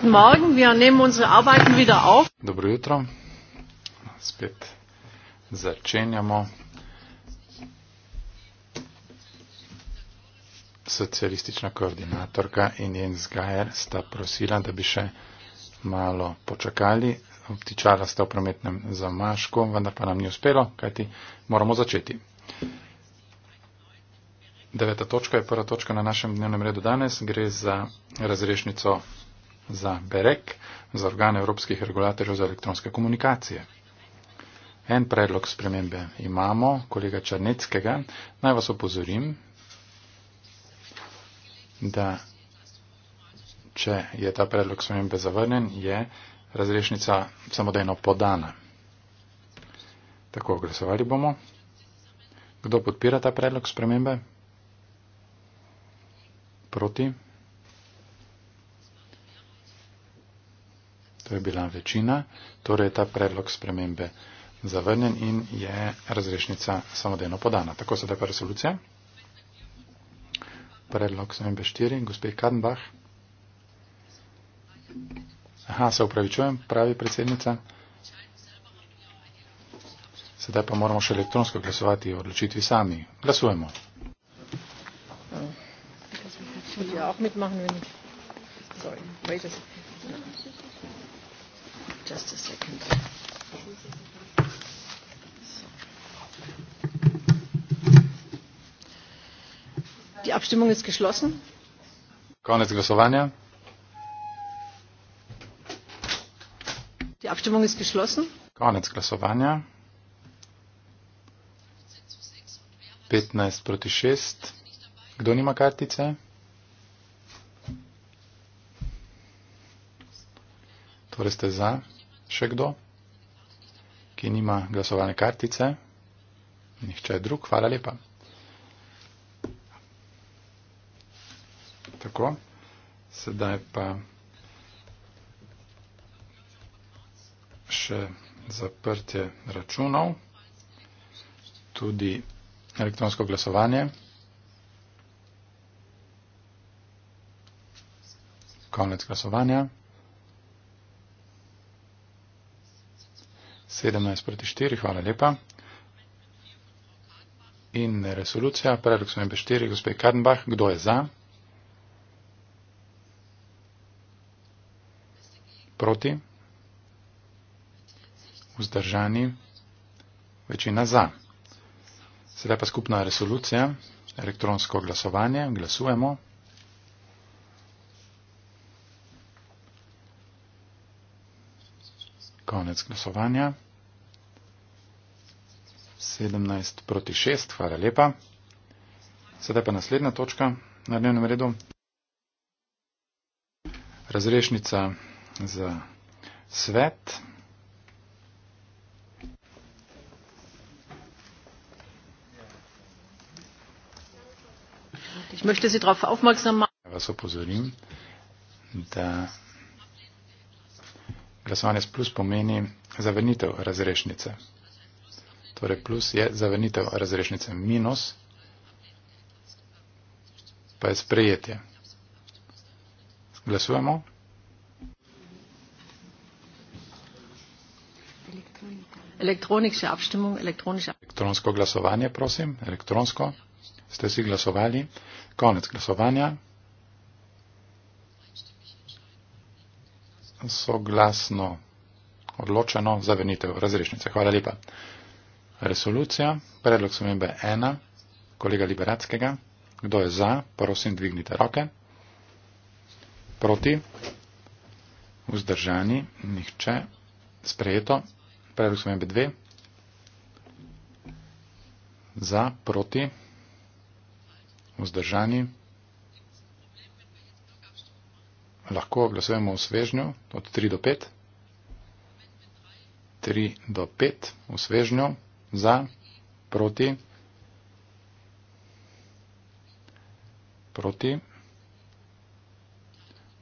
Guten Morgen, wir nehmen unsere Arbeiten wieder auf. Dobro jutro. Spet začenjamo. Socialistična koordinatorka in Jens Geier sta prosila, da bi še malo počakali. Obtičala sta v prometnem zamašku, vendar pa nam ni uspelo, kajti moramo začeti. Deveta točka je prva točka na našem dnevnem redu danes. Gre za razrešnico za BEREK, za organe evropskih regulatorjev za elektronske komunikacije. En predlog spremembe imamo, kolega Črneckega. Naj vas opozorim, da če je ta predlog spremembe zavrnen, je razrešnica samodejno podana. Tako glasovali bomo. Kdo podpira ta predlog spremembe? Proti. To je bila večina, torej je ta predlog spremembe zavrnjen in je razrešnica samodejno podana. Tako se da pa resolucija. Predlog spremembe 4, gospod Kadenbach. Aha, se upravičujem, pravi predsednica. Sedaj pa moramo še elektronsko glasovati o odločitvi sami. Glasujemo. Ja, auch mitmachen, wenn ich. Sorry, wait a second just a second. Die Abstimmung ist geschlossen. Konec glasovanja. Die Abstimmung ist geschlossen. Konec glasovanja. 15 proti 6. Kdo nima kartice? Torej ste za še kdo, ki nima glasovalne kartice? Nihče drug, hvala lepa. Tako, sedaj pa še zaprtje računov, tudi elektronsko glasovanje. Konec glasovanja. 17 proti 4, hvala lepa. In resolucija, predlog smembe 4, gospod Kardenbach, kdo je za? Proti? Vzdržani? Večina za. Sedaj pa skupna resolucija, elektronsko glasovanje, glasujemo. Konec glasovanja. 17 proti 6, hvala lepa. Sedaj pa naslednja točka na dnevnem redu. Razrešnica za svet. Ich möchte Sie darauf aufmerksam machen. Ja, da glasovanje s plus pomeni zavrnitev razrešnice. Torej plus je zavrnitev razrešnice, minus pa je sprejetje. Glasujemo. Elektronsko glasovanje, prosim. Elektronsko. Ste si glasovali. Konec glasovanja. Soglasno odločeno zavenitev razrešnice. Hvala lepa resolucija, predlog spremembe ena, kolega Liberackega. Kdo je za, prosim, dvignite roke. Proti, vzdržani, nihče, sprejeto. Predlog spremembe dve. Za, proti, vzdržani. Lahko glasujemo v svežnju od 3 do 5. 3 do 5 v svežnju za, proti, proti,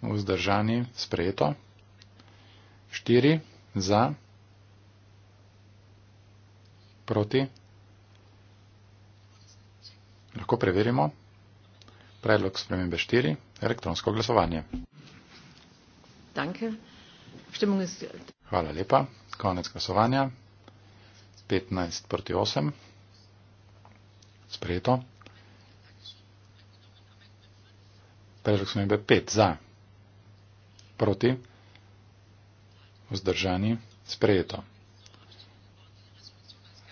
vzdržani, sprejeto, štiri, za, proti, lahko preverimo, predlog spremembe štiri, elektronsko glasovanje. Hvala lepa, konec glasovanja. 15 proti 8. Sprejeto. Predlog smo imeli 5 za, proti, vzdržani, sprejeto.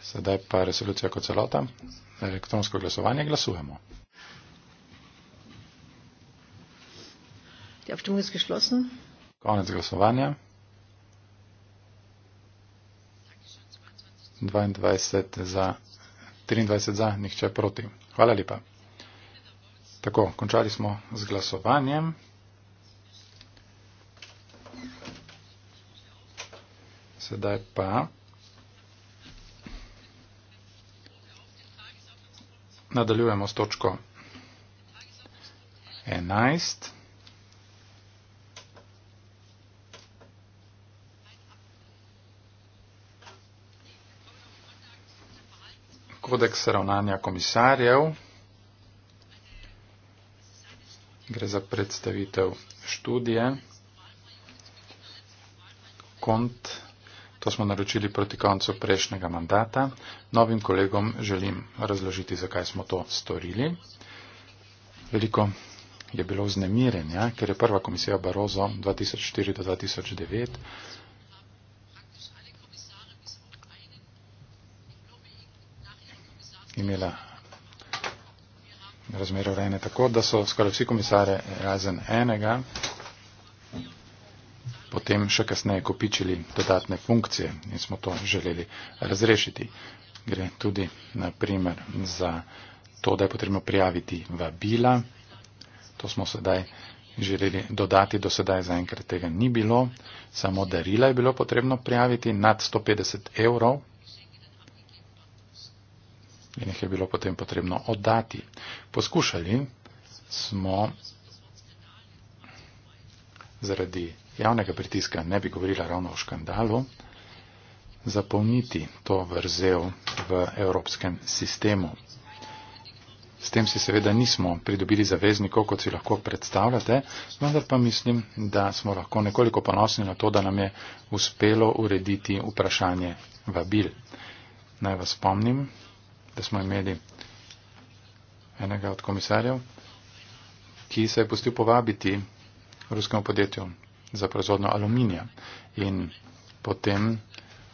Sedaj pa resolucija kot celota. Elektronsko glasovanje glasujemo. Die Abstimmung ist geschlossen. Konec glasovanja. 22 za, 23 za, nihče proti. Hvala lepa. Tako, končali smo z glasovanjem. Sedaj pa. Nadaljujemo s točko 11. kodeks ravnanja komisarjev. Gre za predstavitev študije. Kont, to smo naročili proti koncu prejšnjega mandata. Novim kolegom želim razložiti, zakaj smo to storili. Veliko je bilo vznemirenja, ker je prva komisija Barozo 2004 do 2009 imela razmero rejene tako, da so skoraj vsi komisare razen enega potem še kasneje kopičili dodatne funkcije in smo to želeli razrešiti. Gre tudi na primer za to, da je potrebno prijaviti vabila. To smo sedaj želeli dodati, do sedaj zaenkrat tega ni bilo. Samo darila je bilo potrebno prijaviti nad 150 evrov in jih je bilo potem potrebno oddati. Poskušali smo zaradi javnega pritiska, ne bi govorila ravno o škandalu, zapolniti to vrzel v evropskem sistemu. S tem si seveda nismo pridobili zaveznikov, kot si lahko predstavljate, vendar pa mislim, da smo lahko nekoliko ponosni na to, da nam je uspelo urediti vprašanje vabil. Naj vas spomnim, da smo imeli enega od komisarjev, ki se je pustil povabiti ruskemu podjetju za proizvodno aluminija. In potem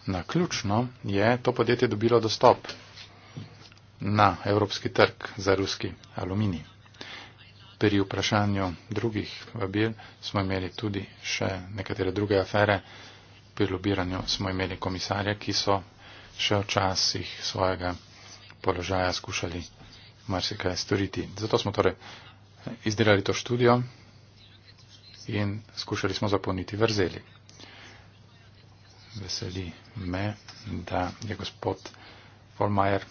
na ključno je to podjetje dobilo dostop na evropski trg za ruski aluminij. Pri vprašanju drugih vabil smo imeli tudi še nekatere druge afere. Pri lobiranju smo imeli komisarja, ki so še v časih svojega položaja skušali marsikaj storiti. Zato smo torej izdelali to študijo in skušali smo zapolniti vrzeli. Veseli me, da je gospod Volmajer,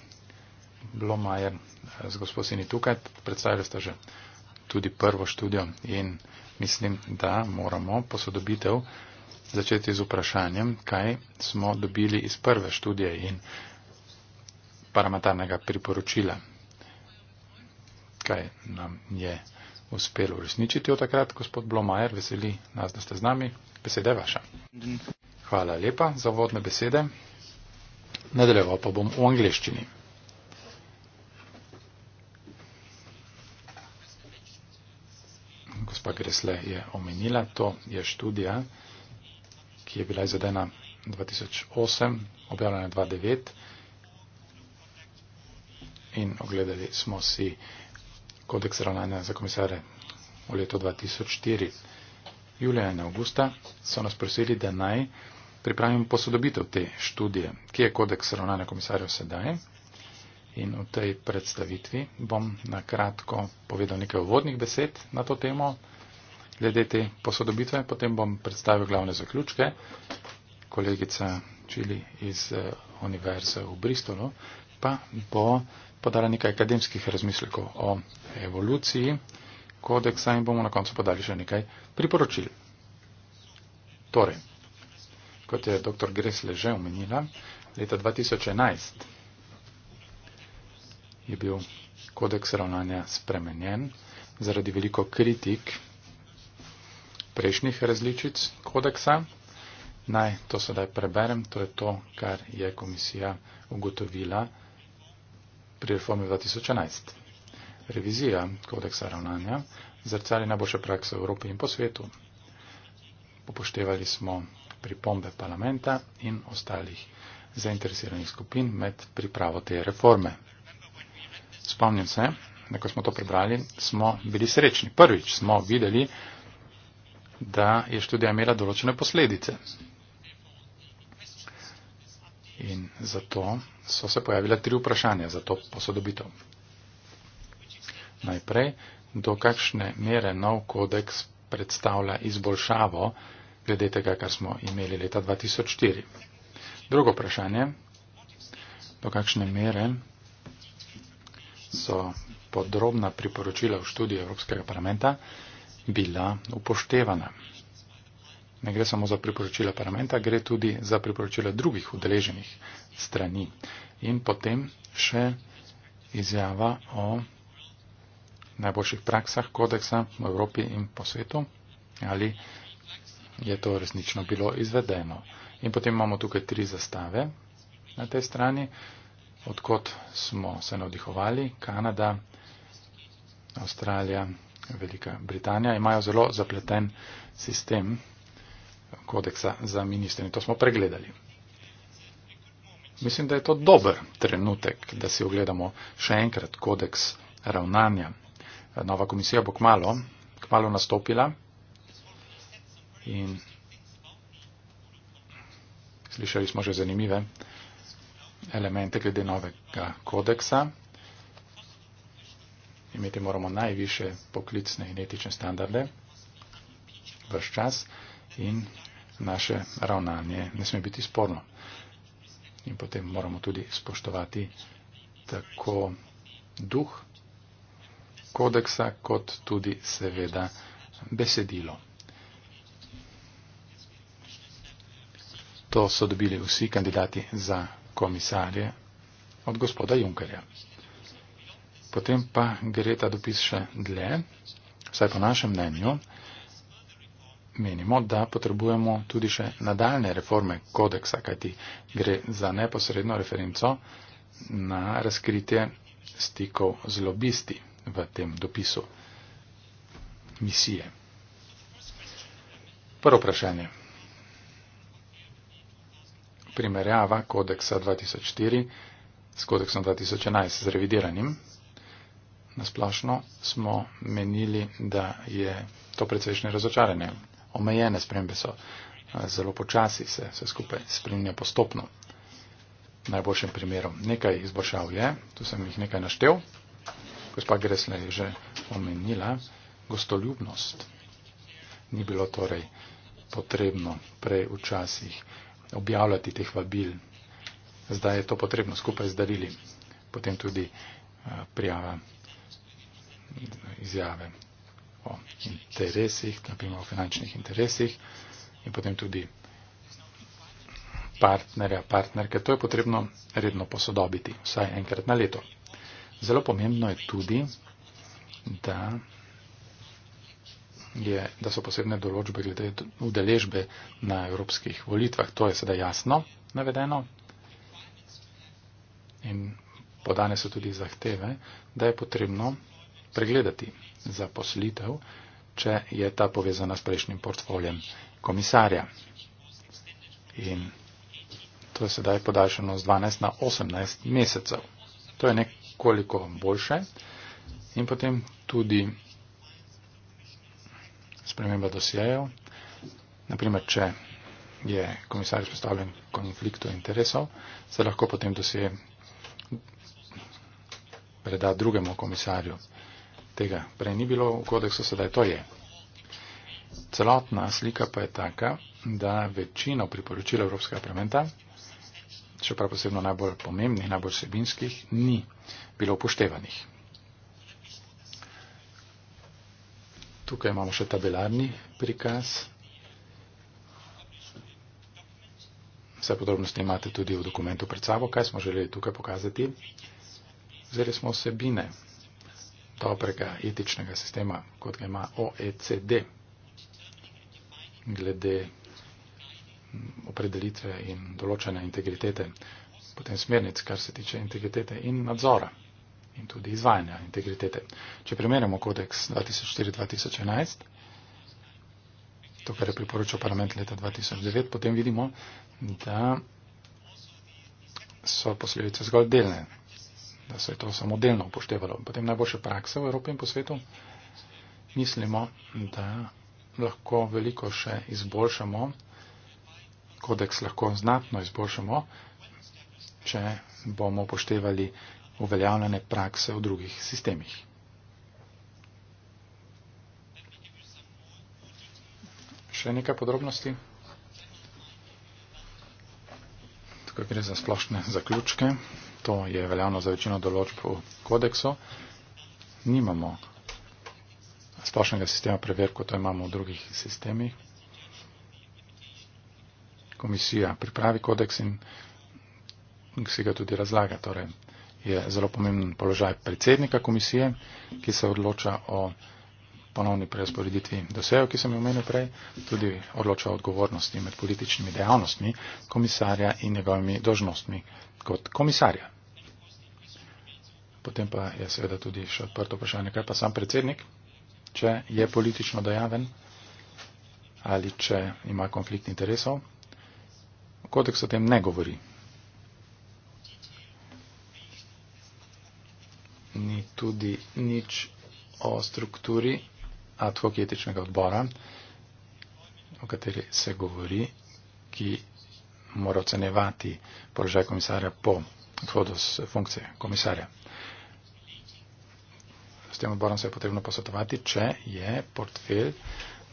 Blomajer, z gospod Sini tukaj, predstavili ste že tudi prvo študijo in mislim, da moramo posodobitev začeti z vprašanjem, kaj smo dobili iz prve študije in paramatarnega priporočila, kaj nam je uspelo uresničiti od takrat, gospod Blomajer, veseli nas, da ste z nami. Beseda je vaša. Hvala lepa za vodne besede. Nadaljeval pa bom v angliščini. Gospa Gresle je omenila, to je študija, ki je bila izvedena 2008, objavljena 2009 in ogledali smo si kodeks ravnanja za komisare v letu 2004. Julija in Augusta so nas prosili, da naj pripravim posodobitev te študije, ki je kodeks ravnanja komisarjev sedaj. In v tej predstavitvi bom na kratko povedal nekaj uvodnih besed na to temo, glede te posodobitve, potem bom predstavil glavne zaključke. Kolegica Čili iz eh, Univerze v Bristolu pa bo podala nekaj akademskih razmislekov o evoluciji kodeksa in bomo na koncu podali še nekaj priporočil. Torej, kot je dr. Gresle že omenila, leta 2011 je bil kodeks ravnanja spremenjen zaradi veliko kritik prejšnjih različic kodeksa. Naj to sedaj preberem, to je to, kar je komisija ugotovila pri reformi 2011. Revizija kodeksa ravnanja zrcali najboljše prakse v Evropi in po svetu. Upoštevali smo pripombe parlamenta in ostalih zainteresiranih skupin med pripravo te reforme. Spomnim se, da ko smo to prebrali, smo bili srečni. Prvič smo videli, da je študija imela določene posledice. In zato so se pojavila tri vprašanja za to posodobitev. Najprej, do kakšne mere nov kodeks predstavlja izboljšavo glede tega, kar smo imeli leta 2004. Drugo vprašanje, do kakšne mere so podrobna priporočila v študiji Evropskega parlamenta bila upoštevana ne gre samo za priporočila parlamenta, gre tudi za priporočila drugih udeleženih strani. In potem še izjava o najboljših praksah kodeksa v Evropi in po svetu, ali je to resnično bilo izvedeno. In potem imamo tukaj tri zastave na tej strani, odkot smo se navdihovali, Kanada, Avstralija, Velika Britanija imajo zelo zapleten sistem kodeksa za ministre. In to smo pregledali. Mislim, da je to dober trenutek, da si ogledamo še enkrat kodeks ravnanja. Nova komisija bo kmalo, kmalo nastopila in slišali smo že zanimive elemente glede novega kodeksa. Imeti moramo najviše poklicne in etične standarde vse čas in naše ravnanje ne sme biti sporno. In potem moramo tudi spoštovati tako duh kodeksa, kot tudi seveda besedilo. To so dobili vsi kandidati za komisarje od gospoda Junkerja. Potem pa gre ta dopis še dlje, vsaj po našem mnenju, menimo, da potrebujemo tudi še nadaljne reforme kodeksa, kajti gre za neposredno referenco na razkritje stikov z lobisti v tem dopisu misije. Prvo vprašanje. Primerjava kodeksa 2004 s kodeksom 2011 z revidiranim. Nasplošno smo menili, da je to precejšnje razočaranje omejene spremembe so. Zelo počasi se vse skupaj spremlja postopno. Najboljšem primeru. Nekaj izboljšav je, tu sem jih nekaj naštel, gospa Gresla je že omenila, gostoljubnost. Ni bilo torej potrebno prej včasih objavljati teh vabil. Zdaj je to potrebno skupaj z darili, potem tudi prijava izjave o interesih, naprimer o finančnih interesih in potem tudi partnerja, partnerke. To je potrebno redno posodobiti, vsaj enkrat na leto. Zelo pomembno je tudi, da, je, da so posebne določbe glede udeležbe na evropskih volitvah. To je sedaj jasno navedeno in podane so tudi zahteve, da je potrebno pregledati zaposlitev, če je ta povezana s prejšnjim portfoljem komisarja. In to je sedaj podaljšano z 12 na 18 mesecev. To je nekoliko boljše. In potem tudi sprememba dosjejev. Naprimer, če je komisar izpostavljen konfliktu interesov, se lahko potem dosje preda drugemu komisarju tega prej ni bilo v kodeksu, sedaj to je. Celotna slika pa je taka, da večino priporočil Evropskega parlamenta, še prav posebno najbolj pomembnih, najbolj sebinskih, ni bilo upoštevanih. Tukaj imamo še tabelarni prikaz. Vse podrobnosti imate tudi v dokumentu pred sabo, kaj smo želeli tukaj pokazati. Vzeli smo vsebine dobrega etičnega sistema, kot ga ima OECD, glede mm, opredelitve in določene integritete, potem smernic, kar se tiče integritete in nadzora in tudi izvajanja integritete. Če primerjamo kodeks 2004-2011, to, kar je priporočil parlament leta 2009, potem vidimo, da so posledice zgolj delne da se je to samo delno upoštevalo. Potem najboljše prakse v Evropi in po svetu. Mislimo, da lahko veliko še izboljšamo, kodeks lahko znatno izboljšamo, če bomo upoštevali uveljavljene prakse v drugih sistemih. Še nekaj podrobnosti? Tukaj gre za splošne zaključke to je veljavno za večino določb v kodeksu, nimamo splošnega sistema preverk, kot to imamo v drugih sistemih. Komisija pripravi kodeks in si ga tudi razlaga. Torej, je zelo pomemben položaj predsednika komisije, ki se odloča o ponovni preusporeditvi dosejo, ki sem jo omenil prej, tudi odloča o odgovornosti med političnimi dejavnostmi komisarja in njegovimi dožnostmi, kot komisarja. Potem pa je seveda tudi še odprto vprašanje, kaj pa sam predsednik, če je politično dejaven ali če ima konflikt interesov. Kodeks o tem ne govori. Ni tudi nič o strukturi ad hoc etičnega odbora, o kateri se govori, ki mora ocenjevati položaj komisarja po odhodu z funkcije komisarja. S tem odborom se je potrebno posvetovati, če je portfelj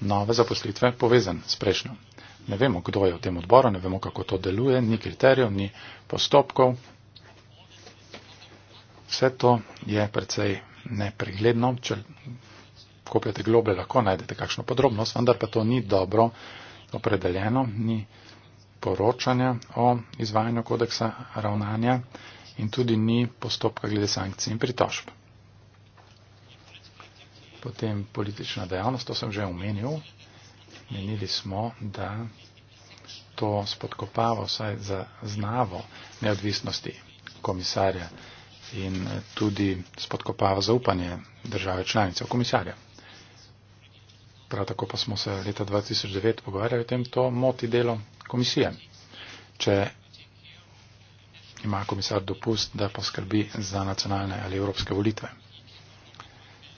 nove zaposlitve povezan s prejšnjo. Ne vemo, kdo je v tem odboru, ne vemo, kako to deluje, ni kriterijev, ni postopkov. Vse to je precej nepregledno. Če kopijate globe, lahko najdete kakšno podrobnost, vendar pa to ni dobro opredeljeno, ni poročanja o izvajanju kodeksa ravnanja in tudi ni postopka glede sankcij in pritožb. Potem politična dejavnost, to sem že omenil. Menili smo, da to spodkopava vsaj za znavo neodvisnosti komisarja in tudi spodkopava zaupanje države članice v komisarja. Prav tako pa smo se leta 2009 pogovarjali o tem, to moti delo komisije. Če ima komisar dopust, da poskrbi za nacionalne ali evropske volitve.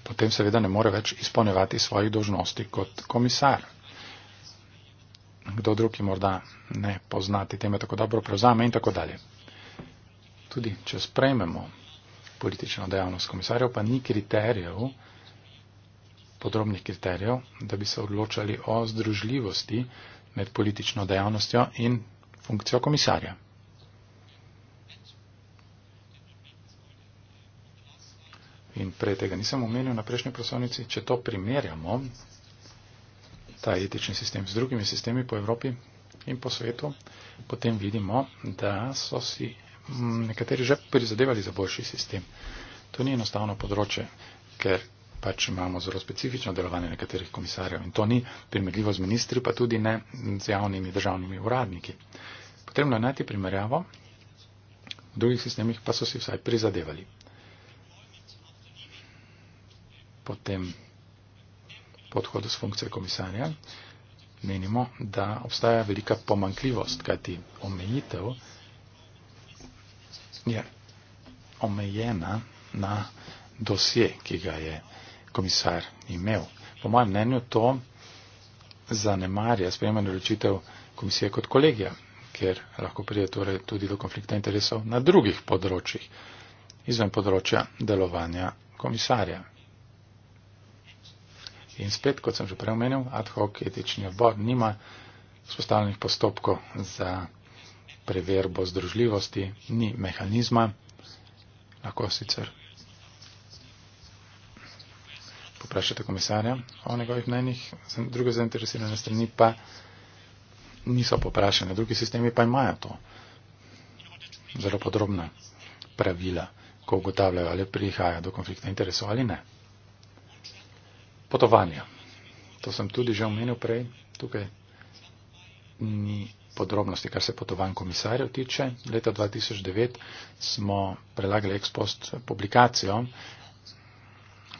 Potem seveda ne more več izpolnevati svojih dožnosti kot komisar. Kdo drugi morda ne poznati teme tako dobro prevzame in tako dalje. Tudi če sprejmemo politično dejavnost komisarjev, pa ni kriterijev, podrobnih kriterijev, da bi se odločali o združljivosti med politično dejavnostjo in funkcijo komisarja. In prej tega nisem omenil na prejšnji prosovnici, če to primerjamo, ta etični sistem z drugimi sistemi po Evropi in po svetu, potem vidimo, da so si nekateri že prizadevali za boljši sistem. To ni enostavno področje, ker pač imamo zelo specifično delovanje nekaterih komisarjev in to ni primerljivo z ministri, pa tudi ne z javnimi državnimi uradniki. Potrebno je najti primerjavo, v drugih sistemih pa so si vsaj prizadevali. Potem po odhodu s funkcije komisarja menimo, da obstaja velika pomankljivost, kajti omejitev je omejena na dosje, ki ga je komisar imel. Po mojem mnenju to zanemarja sprejemanje odločitev komisije kot kolegija, ker lahko pride torej tudi do konflikta interesov na drugih področjih, izven področja delovanja komisarja. In spet, kot sem že prej omenil, ad hoc etični odbor nima spostavljenih postopkov za preverbo združljivosti, ni mehanizma, lahko sicer vprašate komisarja o njegovih mnenjih, druge zainteresirane strani pa niso poprašene, drugi sistemi pa imajo to. Zelo podrobna pravila, ko ugotavljajo, ali prihaja do konflikta interesov ali ne. Potovanja. To sem tudi že omenil prej. Tukaj ni podrobnosti, kar se potovanj komisarjev tiče. Leta 2009 smo prelagali ekspost publikacijo,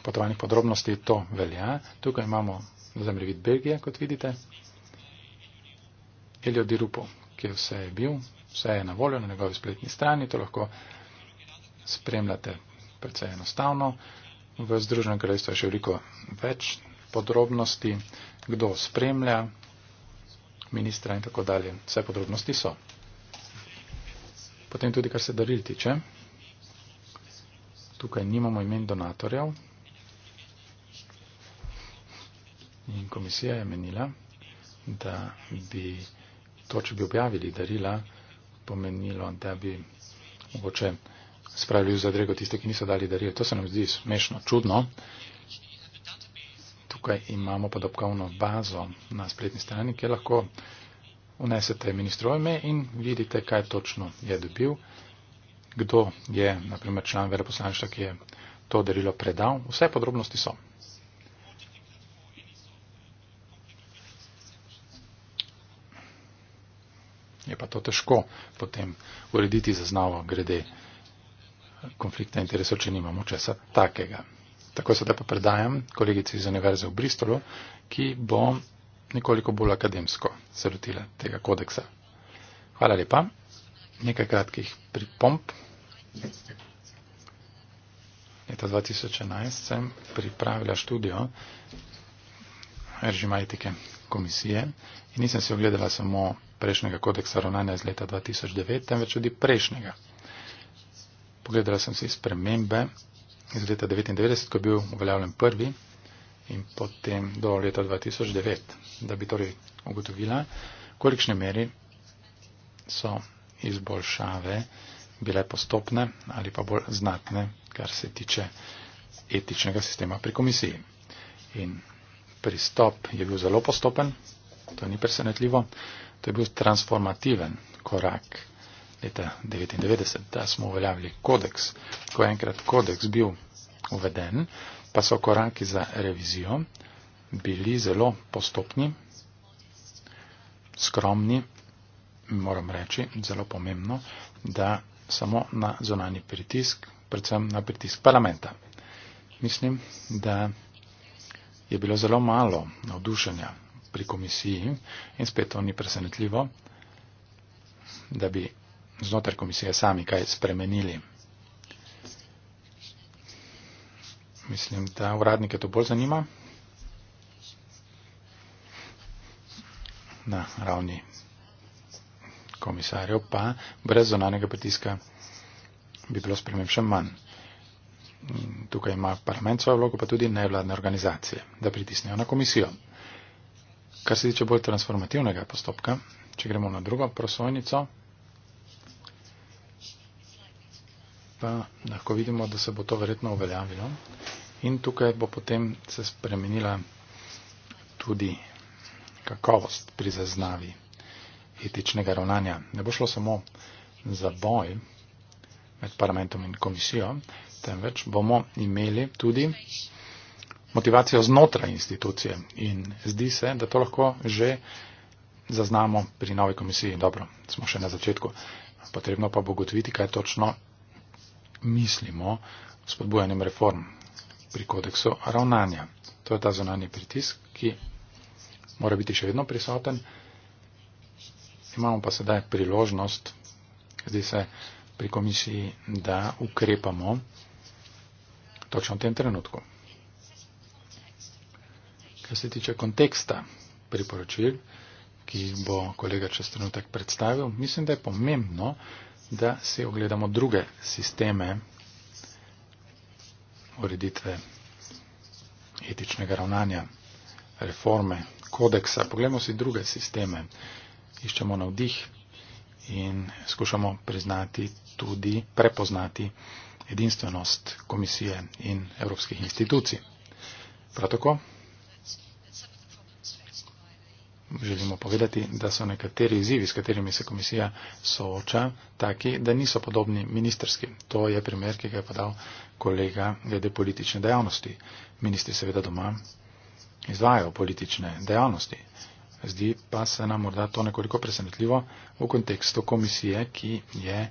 potovanjih podrobnosti to velja. Tukaj imamo zemljevid Belgije, kot vidite. Elio Dirupo, ki je vse bil, vse je na voljo na njegovi spletni strani, to lahko spremljate predvsej enostavno. V Združenem kraljestvu je še veliko več podrobnosti, kdo spremlja ministra in tako dalje. Vse podrobnosti so. Potem tudi, kar se daril tiče. Tukaj nimamo imen donatorjev, In komisija je menila, da bi to, če bi objavili darila, pomenilo, da bi mogoče spravili v zadrego tiste, ki niso dali darila. To se nam zdi smešno, čudno. Tukaj imamo podobkovno bazo na spletni strani, kjer lahko unesete ministrojme in vidite, kaj točno je dobil, kdo je, naprimer, član veleposlaništva, ki je to darilo predal. Vse podrobnosti so. je pa to težko potem urediti zaznavo grede konflikta interesov, če nimamo česa takega. Tako se da pa predajam kolegici iz Univerze v Bristolu, ki bo nekoliko bolj akademsko se lotila tega kodeksa. Hvala lepa. Nekaj kratkih pripomp. Leta 2011 sem pripravila študijo režima etike komisije in nisem se ogledala samo prejšnjega kodeksa ravnanja iz leta 2009, temveč tudi prejšnjega. Pogledala sem si spremembe iz leta 1999, ko je bil uveljavljen prvi in potem do leta 2009, da bi torej ugotovila, kolikšne meri so izboljšave bile postopne ali pa bolj znatne, kar se tiče etičnega sistema pri komisiji. In pristop je bil zelo postopen, to ni presenetljivo, to je bil transformativen korak leta 1999, da smo uveljavili kodeks. Ko je enkrat kodeks bil uveden, pa so koraki za revizijo bili zelo postopni, skromni, moram reči, zelo pomembno, da samo na zonani pritisk, predvsem na pritisk parlamenta. Mislim, da je bilo zelo malo navdušenja pri komisiji in spet to ni presenetljivo, da bi znotraj komisije sami kaj spremenili. Mislim, da uradnike to bolj zanima na ravni komisarjev, pa brez zonanega pritiska bi bilo sprememb še manj. Tukaj ima parlament svojo vlogo, pa tudi nevladne organizacije, da pritisnejo na komisijo. Kar se tiče bolj transformativnega postopka, če gremo na drugo prosojnico, pa lahko vidimo, da se bo to verjetno uveljavilo. In tukaj bo potem se spremenila tudi kakovost pri zaznavi etičnega ravnanja. Ne bo šlo samo za boj med parlamentom in komisijo, temveč bomo imeli tudi motivacijo znotraj institucije in zdi se, da to lahko že zaznamo pri novi komisiji. Dobro, smo še na začetku. Potrebno pa bo gotoviti, kaj točno mislimo s podbujanjem reform pri kodeksu ravnanja. To je ta zunanji pritisk, ki mora biti še vedno prisoten. Imamo pa sedaj priložnost, zdi se, pri komisiji, da ukrepamo točno v tem trenutku. Kar se tiče konteksta priporočil, ki jih bo kolega čez trenutek predstavil, mislim, da je pomembno, da si ogledamo druge sisteme ureditve etičnega ravnanja, reforme, kodeksa. Poglejmo si druge sisteme, iščemo navdih in skušamo priznati tudi, prepoznati edinstvenost komisije in evropskih institucij. Prav tako želimo povedati, da so nekateri izzivi, s katerimi se komisija sooča, taki, da niso podobni ministerski. To je primer, ki ga je podal kolega glede politične dejavnosti. Ministri seveda doma izvajajo politične dejavnosti. Zdi pa se nam morda to nekoliko presenetljivo v kontekstu komisije, ki je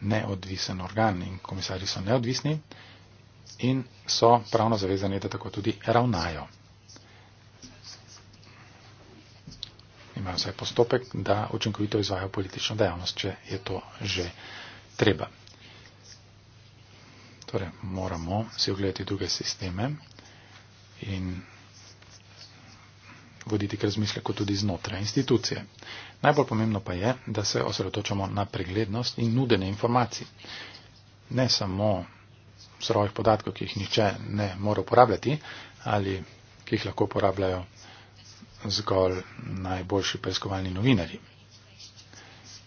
neodvisen organ in komisari so neodvisni in so pravno zavezani, da tako tudi ravnajo. imajo vsaj postopek, da učinkovito izvajo politično dejavnost, če je to že treba. Torej, moramo si ogledati druge sisteme in voditi k razmisleku tudi znotraj institucije. Najbolj pomembno pa je, da se osredotočamo na preglednost in nudene informacij. Ne samo srovih podatkov, ki jih niče ne more uporabljati ali ki jih lahko uporabljajo zgolj najboljši preiskovalni novinari.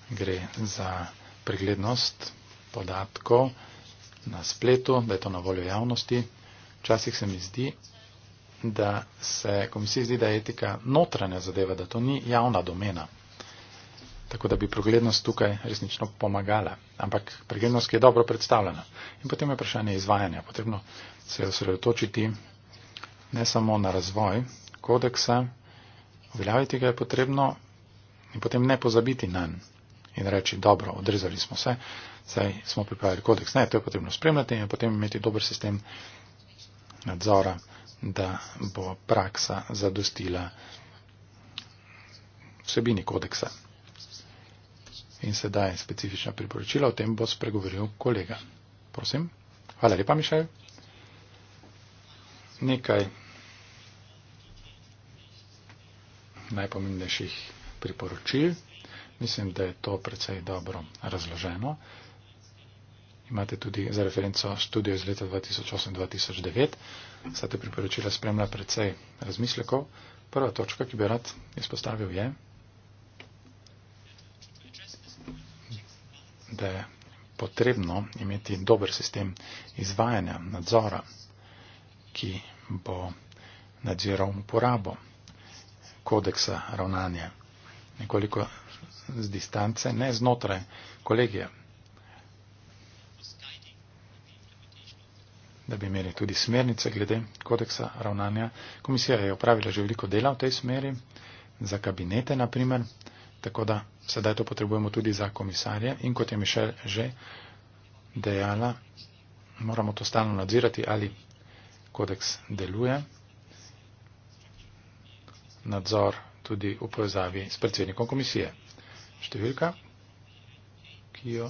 Gre za preglednost podatkov na spletu, da je to na voljo javnosti. Včasih se mi zdi, da se komisiji zdi, da je etika notranja zadeva, da to ni javna domena. Tako da bi preglednost tukaj resnično pomagala. Ampak preglednost je dobro predstavljena. In potem je vprašanje izvajanja. Potrebno se osredotočiti ne samo na razvoj kodeksa, Uveljaviti ga je potrebno in potem ne pozabiti na njega in reči, dobro, odrezali smo se, saj smo pripravili kodeks. Ne, to je potrebno spremljati in potem imeti dober sistem nadzora, da bo praksa zadostila vsebini kodeksa. In sedaj specifična priporočila, o tem bo spregovoril kolega. Prosim. Hvala lepa, Mišel. Nekaj najpomembnejših priporočil. Mislim, da je to precej dobro razloženo. Imate tudi za referenco študijo iz leta 2008-2009. Sada priporočila spremlja precej razmislekov. Prva točka, ki bi rad izpostavil, je, da je potrebno imeti dober sistem izvajanja nadzora, ki bo nadziral uporabo kodeksa ravnanja. Nekoliko z distance, ne znotraj kolegije. Da bi imeli tudi smernice glede kodeksa ravnanja. Komisija je opravila že veliko dela v tej smeri, za kabinete naprimer, tako da sedaj to potrebujemo tudi za komisarje in kot je Mišel že dejala, moramo to stalno nadzirati, ali kodeks deluje nadzor tudi v povezavi s predsednikom komisije. Številka, ki jo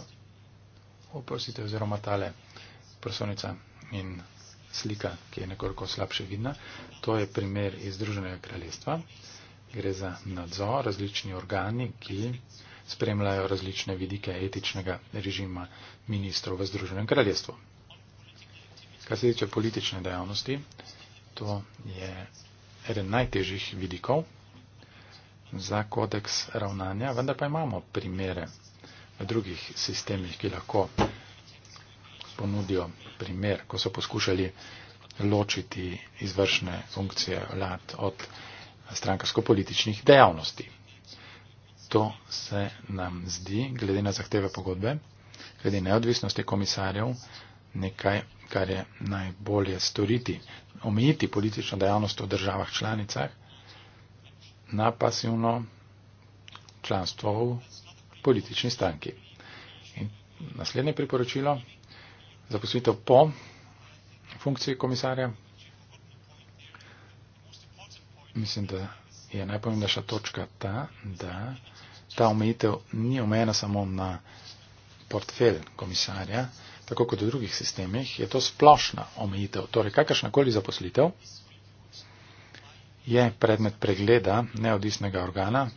oprosite, oziroma tale prosonica in slika, ki je nekoliko slabše vidna, to je primer iz Združenega kraljestva. Gre za nadzor, različni organi, ki spremljajo različne vidike etičnega režima ministrov v Združenem kraljestvu. Kar se tiče politične dejavnosti, to je eden najtežjih vidikov za kodeks ravnanja, vendar pa imamo primere v drugih sistemih, ki lahko ponudijo primer, ko so poskušali ločiti izvršne funkcije vlad od strankarsko-političnih dejavnosti. To se nam zdi, glede na zahteve pogodbe, glede neodvisnosti komisarjev, nekaj, kar je najbolje storiti, omejiti politično dejavnost v državah članicah na pasivno članstvo v politični stranki. In naslednje priporočilo za posvitev po funkciji komisarja. Mislim, da je najpomembnejša točka ta, da ta omejitev ni omejena samo na portfelj komisarja, tako kot v drugih sistemih, je to splošna omejitev. Torej, kakršnakoli zaposlitev je predmet pregleda neodvisnega organa,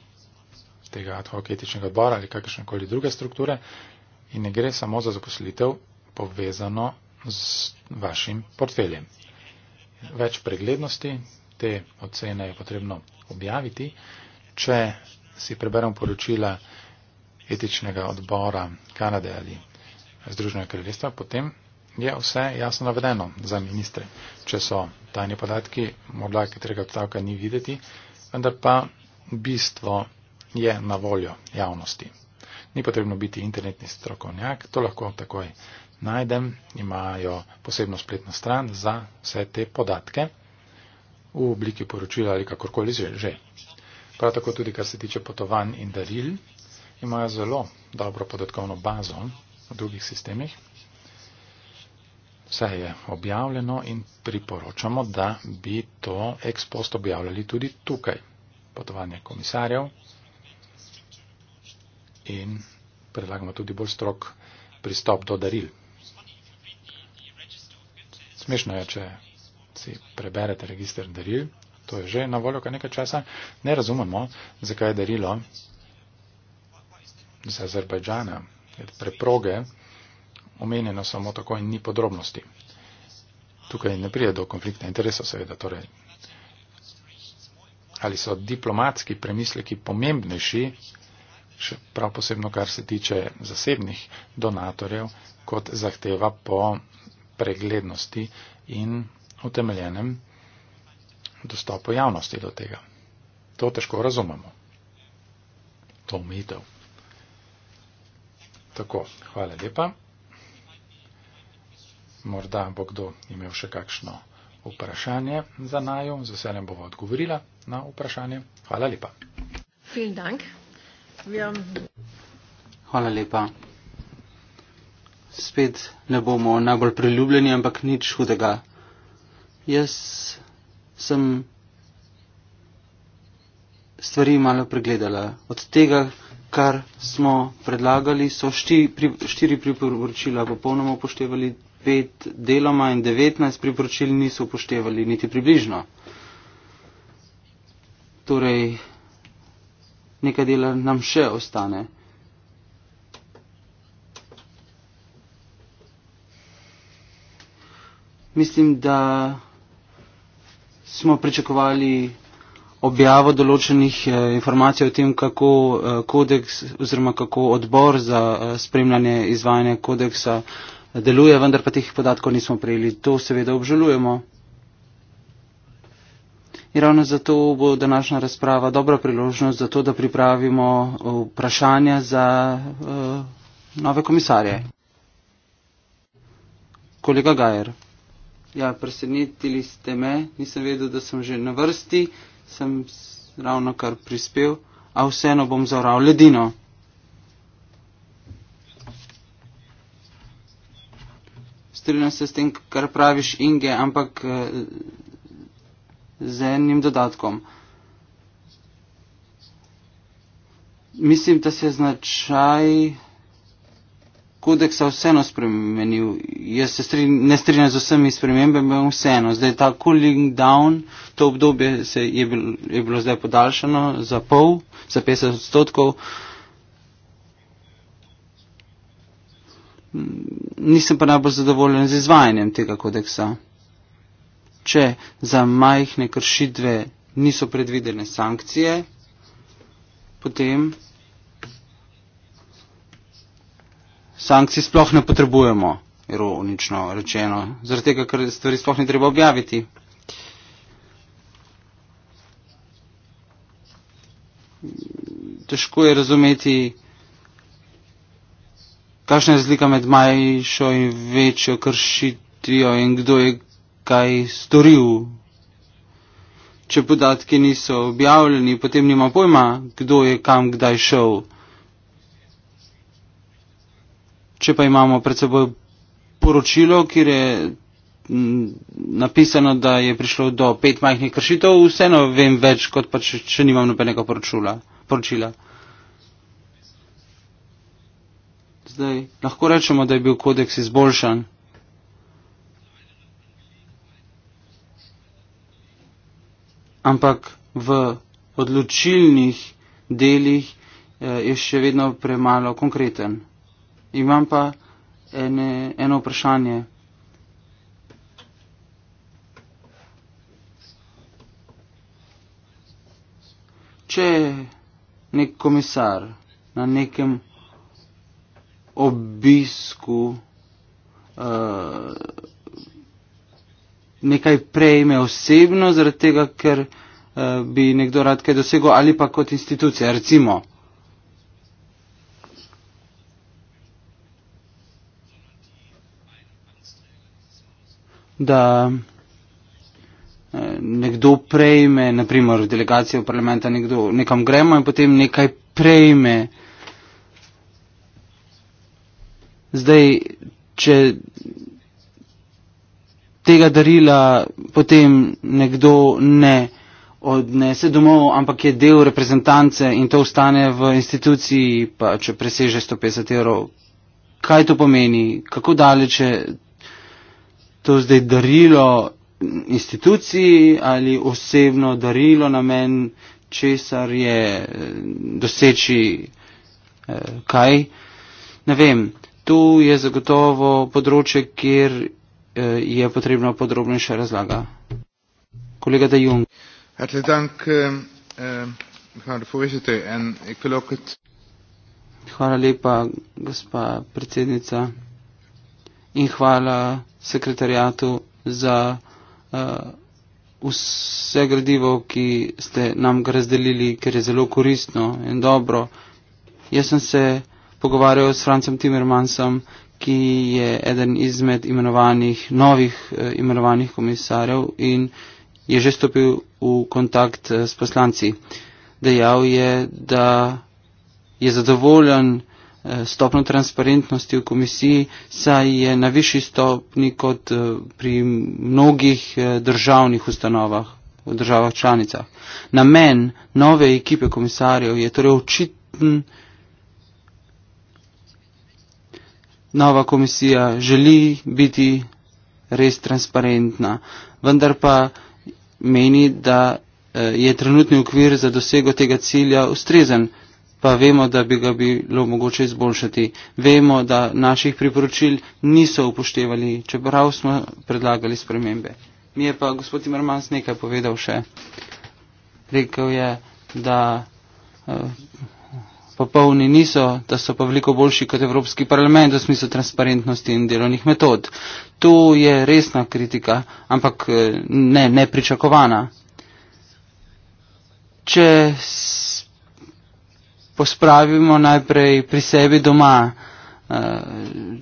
tega ad hoc etičnega odbora ali kakršnakoli druge strukture in ne gre samo za zaposlitev povezano z vašim portfeljem. Več preglednosti te ocene je potrebno objaviti. Če si preberem poročila etičnega odbora Kanade ali Združenega kraljestva, potem je vse jasno navedeno za ministre, če so tajni podatki, morda katerega odstavka ni videti, vendar pa bistvo je na voljo javnosti. Ni potrebno biti internetni strokovnjak, to lahko takoj najdem, imajo posebno spletno stran za vse te podatke v obliki poročila ali kakorkoli že. Prav tako tudi, kar se tiče potovanj in daril, imajo zelo dobro podatkovno bazo, v drugih sistemih. Vse je objavljeno in priporočamo, da bi to ekspost objavljali tudi tukaj. Potovanje komisarjev in predlagamo tudi bolj strok pristop do daril. Smešno je, če si preberete registr daril, to je že na voljo kar nekaj časa, ne razumemo, zakaj je darilo iz Azerbajdžana preproge, omenjeno samo tako in ni podrobnosti. Tukaj ne prije do konflikta interesov, seveda. Torej, ali so diplomatski premisleki pomembnejši, še prav posebno, kar se tiče zasebnih donatorjev, kot zahteva po preglednosti in utemeljenem dostopu javnosti do tega. To težko razumemo. To omejitev. Tako, hvala lepa. Morda bo kdo imel še kakšno vprašanje za naju, z veseljem bova odgovorila na vprašanje. Hvala lepa. Hvala lepa. Spet ne bomo najbolj priljubljeni, ampak nič hudega. Jaz sem stvari malo pregledala. Od tega, kar smo predlagali, so štiri, štiri priporočila popolnoma upoštevali, pet deloma in devetnajst priporočil niso upoštevali, niti približno. Torej, nekaj dela nam še ostane. Mislim, da smo pričakovali objavo določenih eh, informacij o tem, kako eh, kodeks oziroma kako odbor za eh, spremljanje izvajanja kodeksa eh, deluje, vendar pa teh podatkov nismo prejeli. To seveda obžalujemo. In ravno zato bo današnja razprava dobra priložnost za to, da pripravimo vprašanja za eh, nove komisarje. Kolega Gajer. Ja, presenetili ste me, nisem vedel, da sem že na vrsti sem ravno kar prispel, a vseeno bom zaural ledino. Strinjam se s tem, kar praviš, Inge, ampak eh, z enim dodatkom. Mislim, da se značaj kodeksa vseeno spremenil. Jaz se strin, ne strinjam z vsemi spremembami, vseeno. Zdaj ta cooling down, to obdobje se je, bil, je bilo zdaj podaljšano za pol, za 50 odstotkov. Nisem pa najbolj zadovoljen z izvajanjem tega kodeksa. Če za majhne kršitve niso predvidene sankcije, potem sankcij sploh ne potrebujemo, ironično rečeno, zaradi tega, ker stvari sploh ne treba objaviti. Težko je razumeti, kakšna je razlika med majšo in večjo kršitvijo in kdo je kaj storil. Če podatki niso objavljeni, potem nima pojma, kdo je kam kdaj šel. Če pa imamo pred seboj poročilo, kjer je napisano, da je prišlo do pet majhnih kršitev, vseeno vem več, kot pa če, če nimam nobenega poročula, poročila. Zdaj lahko rečemo, da je bil kodeks izboljšan. Ampak v odločilnih delih eh, je še vedno premalo konkreten. Imam pa ene, eno vprašanje. Če je nek komisar na nekem obisku uh, nekaj prejme osebno, zaradi tega, ker uh, bi nekdo rad kaj dosegel ali pa kot institucija, recimo. da eh, nekdo prejme, naprimer v delegacijo parlamenta nekdo, nekam gremo in potem nekaj prejme. Zdaj, če tega darila potem nekdo ne odnese domov, ampak je del reprezentance in to ostane v instituciji, pa če preseže 150 evrov, kaj to pomeni, kako daleč je to zdaj darilo instituciji ali osebno darilo na men, česar je eh, doseči eh, kaj. Ne vem, tu je zagotovo področje, kjer eh, je potrebna podrobnejša razlaga. Kolega De Jung. Hvala lepa, gospa predsednica. In hvala sekretarijatu za uh, vse gradivo, ki ste nam ga razdelili, ker je zelo koristno in dobro. Jaz sem se pogovarjal s Francem Timmermansom, ki je eden izmed imenovanih, novih uh, imenovanih komisarjev in je že stopil v kontakt uh, s poslanci. Dejal je, da je zadovoljen, Eh, stopnjo transparentnosti v komisiji, saj je na višji stopni kot eh, pri mnogih eh, državnih ustanovah v državah članicah. Namen nove ekipe komisarjev je torej očitn. Nova komisija želi biti res transparentna, vendar pa meni, da je trenutni okvir za dosego tega cilja ustrezen pa vemo, da bi ga bilo mogoče izboljšati. Vemo, da naših priporočil niso upoštevali, čeprav smo predlagali spremembe. Mi je pa gospod Timrmans nekaj povedal še. Rekel je, da eh, popolni niso, da so pa veliko boljši kot Evropski parlament v smislu transparentnosti in delovnih metod. To je resna kritika, ampak eh, ne, nepričakovana. Če pospravimo najprej pri sebi doma. Eh,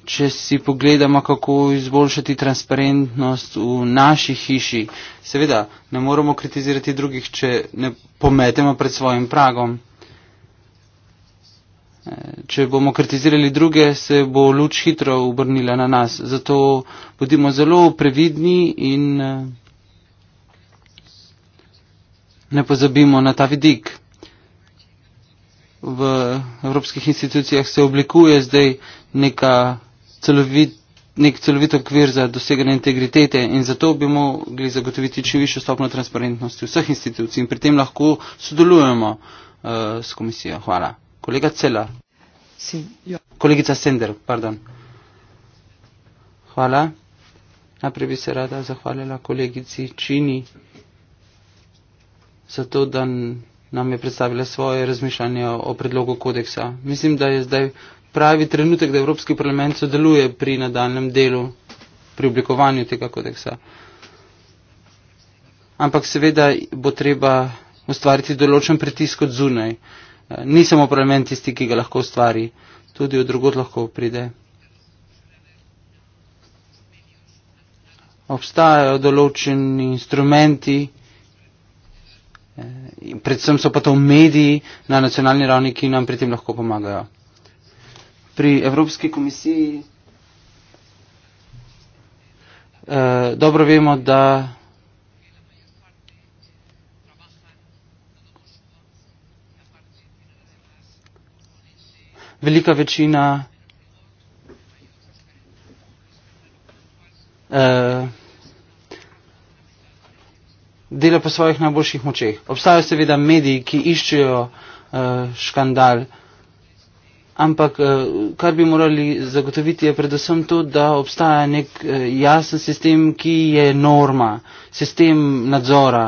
če si pogledamo, kako izboljšati transparentnost v naši hiši, seveda ne moramo kritizirati drugih, če ne pometemo pred svojim pragom. Eh, če bomo kritizirali druge, se bo luč hitro obrnila na nas. Zato bodimo zelo previdni in eh, ne pozabimo na ta vidik v evropskih institucijah se oblikuje zdaj neka celovit, nek celovit okvir za doseganje integritete in zato bi mogli zagotoviti čim višjo stopno transparentnosti vseh institucij in pri tem lahko sodelujemo uh, s komisijo. Hvala. Kolega Cela. Sim, Kolegica Sender, pardon. Hvala. Najprej bi se rada zahvalila kolegici Čini za to, da nam je predstavila svoje razmišljanje o predlogu kodeksa. Mislim, da je zdaj pravi trenutek, da Evropski parlament sodeluje pri nadaljem delu, pri oblikovanju tega kodeksa. Ampak seveda bo treba ustvariti določen pritisk od zunaj. Ni samo parlament tisti, ki ga lahko ustvari, tudi od drugot lahko pride. Obstajajo določeni instrumenti, In predvsem so pa to mediji na nacionalni ravni, ki nam pri tem lahko pomagajo. Pri Evropski komisiji eh, dobro vemo, da velika večina eh, dela po svojih najboljših močeh. Obstajajo seveda mediji, ki iščejo uh, škandal, ampak uh, kar bi morali zagotoviti je predvsem to, da obstaja nek uh, jasen sistem, ki je norma, sistem nadzora.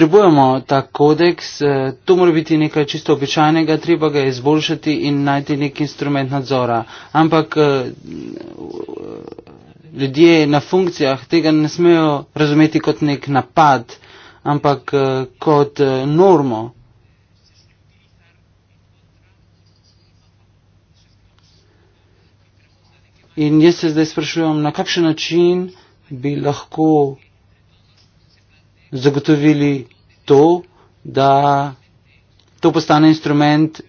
potrebujemo ta kodeks, eh, to mora biti nekaj čisto običajnega, treba ga izboljšati in najti nek instrument nadzora. Ampak eh, ljudje na funkcijah tega ne smejo razumeti kot nek napad, ampak eh, kot normo. In jaz se zdaj sprašujem, na kakšen način bi lahko zagotovili to, da to postane instrument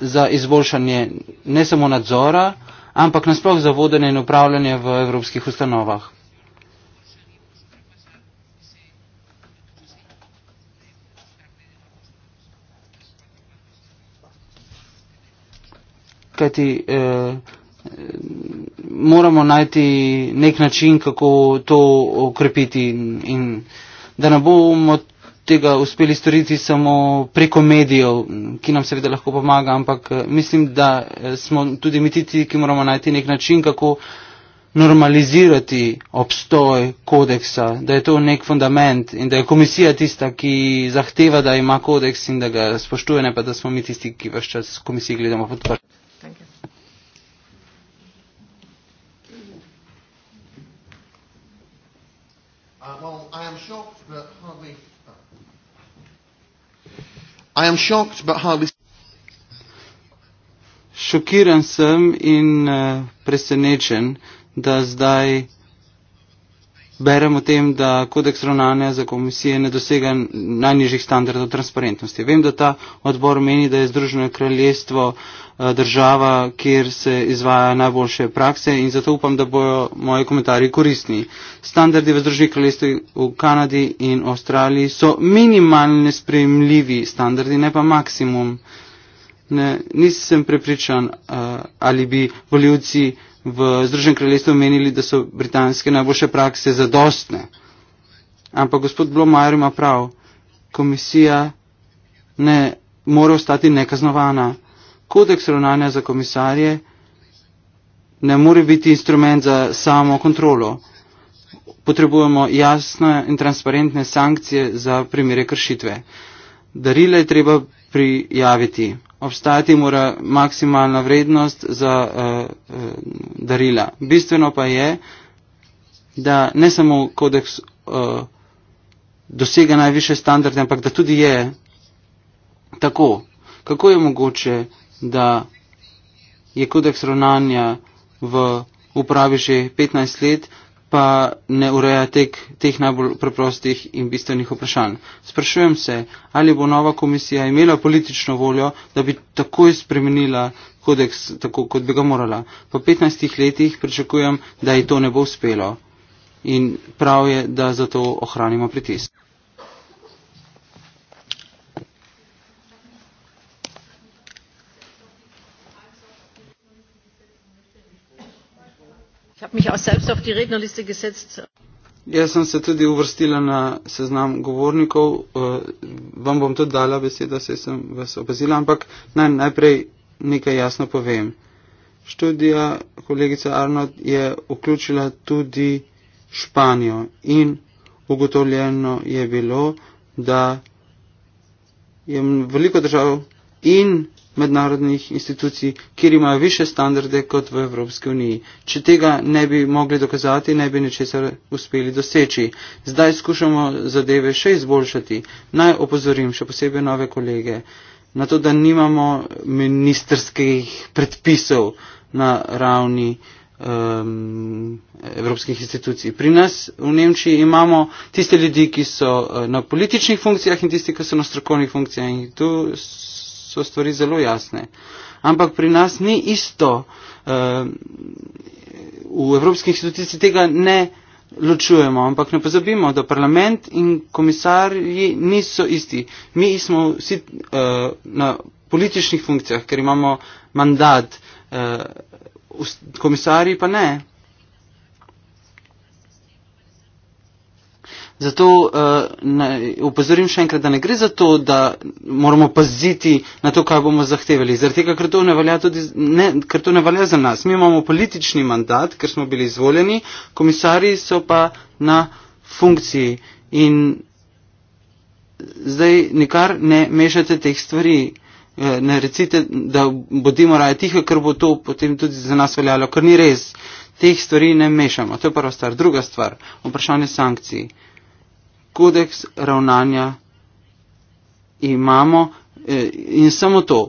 za izboljšanje ne samo nadzora, ampak nasploh za vodenje in upravljanje v evropskih ustanovah. Kajti, eh, moramo najti nek način, kako to ukrepiti in da ne bomo tega uspeli storiti samo preko medijev, ki nam seveda lahko pomaga, ampak eh, mislim, da eh, smo tudi mi tisti, ki moramo najti nek način, kako normalizirati obstoj kodeksa, da je to nek fundament in da je komisija tista, ki zahteva, da ima kodeks in da ga spoštuje, ne pa da smo mi tisti, ki vse čas komisiji gledamo podprti. I am shocked, but hardly. Šokiran sem in uh, presenečen, da zdaj berem o tem, da kodeks ravnanja za komisije ne dosega najnižjih standardov transparentnosti. Vem, da ta odbor meni, da je Združeno kraljestvo eh, država, kjer se izvaja najboljše prakse in zato upam, da bojo moji komentarji koristni. Standardi v Združenih kraljestvih v Kanadi in Avstraliji so minimalne sprejemljivi standardi, ne pa maksimum. Ne, nisem prepričan, eh, ali bi voljivci v Združenem kraljestvu menili, da so britanske najboljše prakse zadostne. Ampak gospod Blomajer ima prav, komisija ne more ostati nekaznovana. Kodeks ravnanja za komisarje ne more biti instrument za samo kontrolo. Potrebujemo jasne in transparentne sankcije za primere kršitve. Darila je treba prijaviti obstajati mora maksimalna vrednost za uh, darila. Bistveno pa je, da ne samo kodeks uh, dosega najviše standarde, ampak da tudi je tako. Kako je mogoče, da je kodeks ravnanja v upravi že 15 let, pa ne ureja tek, teh najbolj preprostih in bistvenih vprašanj. Sprašujem se, ali bo nova komisija imela politično voljo, da bi takoj spremenila kodeks, tako kot bi ga morala. Po 15 letih pričakujem, da ji to ne bo uspelo. In prav je, da zato ohranimo pritisk. Jaz sem se tudi uvrstila na seznam govornikov. Eh, vam bom tudi dala besedo, se sem vas opazila, ampak naj najprej nekaj jasno povem. Študija kolegica Arnold je vključila tudi Španijo in ugotovljeno je bilo, da je veliko držav in mednarodnih institucij, kjer imajo više standarde kot v Evropski uniji. Če tega ne bi mogli dokazati, ne bi ničesar uspeli doseči. Zdaj skušamo zadeve še izboljšati. Naj opozorim še posebej nove kolege na to, da nimamo ministerskih predpisov na ravni um, evropskih institucij. Pri nas v Nemčiji imamo tiste ljudi, ki so eh, na političnih funkcijah in tisti, ki so na strokovnih funkcijah. In tu so stvari zelo jasne. Ampak pri nas ni isto. Eh, v evropskih institucijah tega ne ločujemo, ampak ne pozabimo, da parlament in komisarji niso isti. Mi smo vsi eh, na političnih funkcijah, ker imamo mandat, eh, komisarji pa ne. Zato uh, ne, upozorim še enkrat, da ne gre za to, da moramo paziti na to, kaj bomo zahtevali. Zaradi tega, ker to, tudi, ne, ker to ne velja za nas. Mi imamo politični mandat, ker smo bili izvoljeni, komisari so pa na funkciji. In zdaj nikar ne mešate teh stvari. Eh, ne recite, da bodimo raje tiho, ker bo to potem tudi za nas veljalo, ker ni res. Teh stvari ne mešamo. To je prva stvar. Druga stvar, vprašanje sankcij kodeks ravnanja imamo eh, in samo to.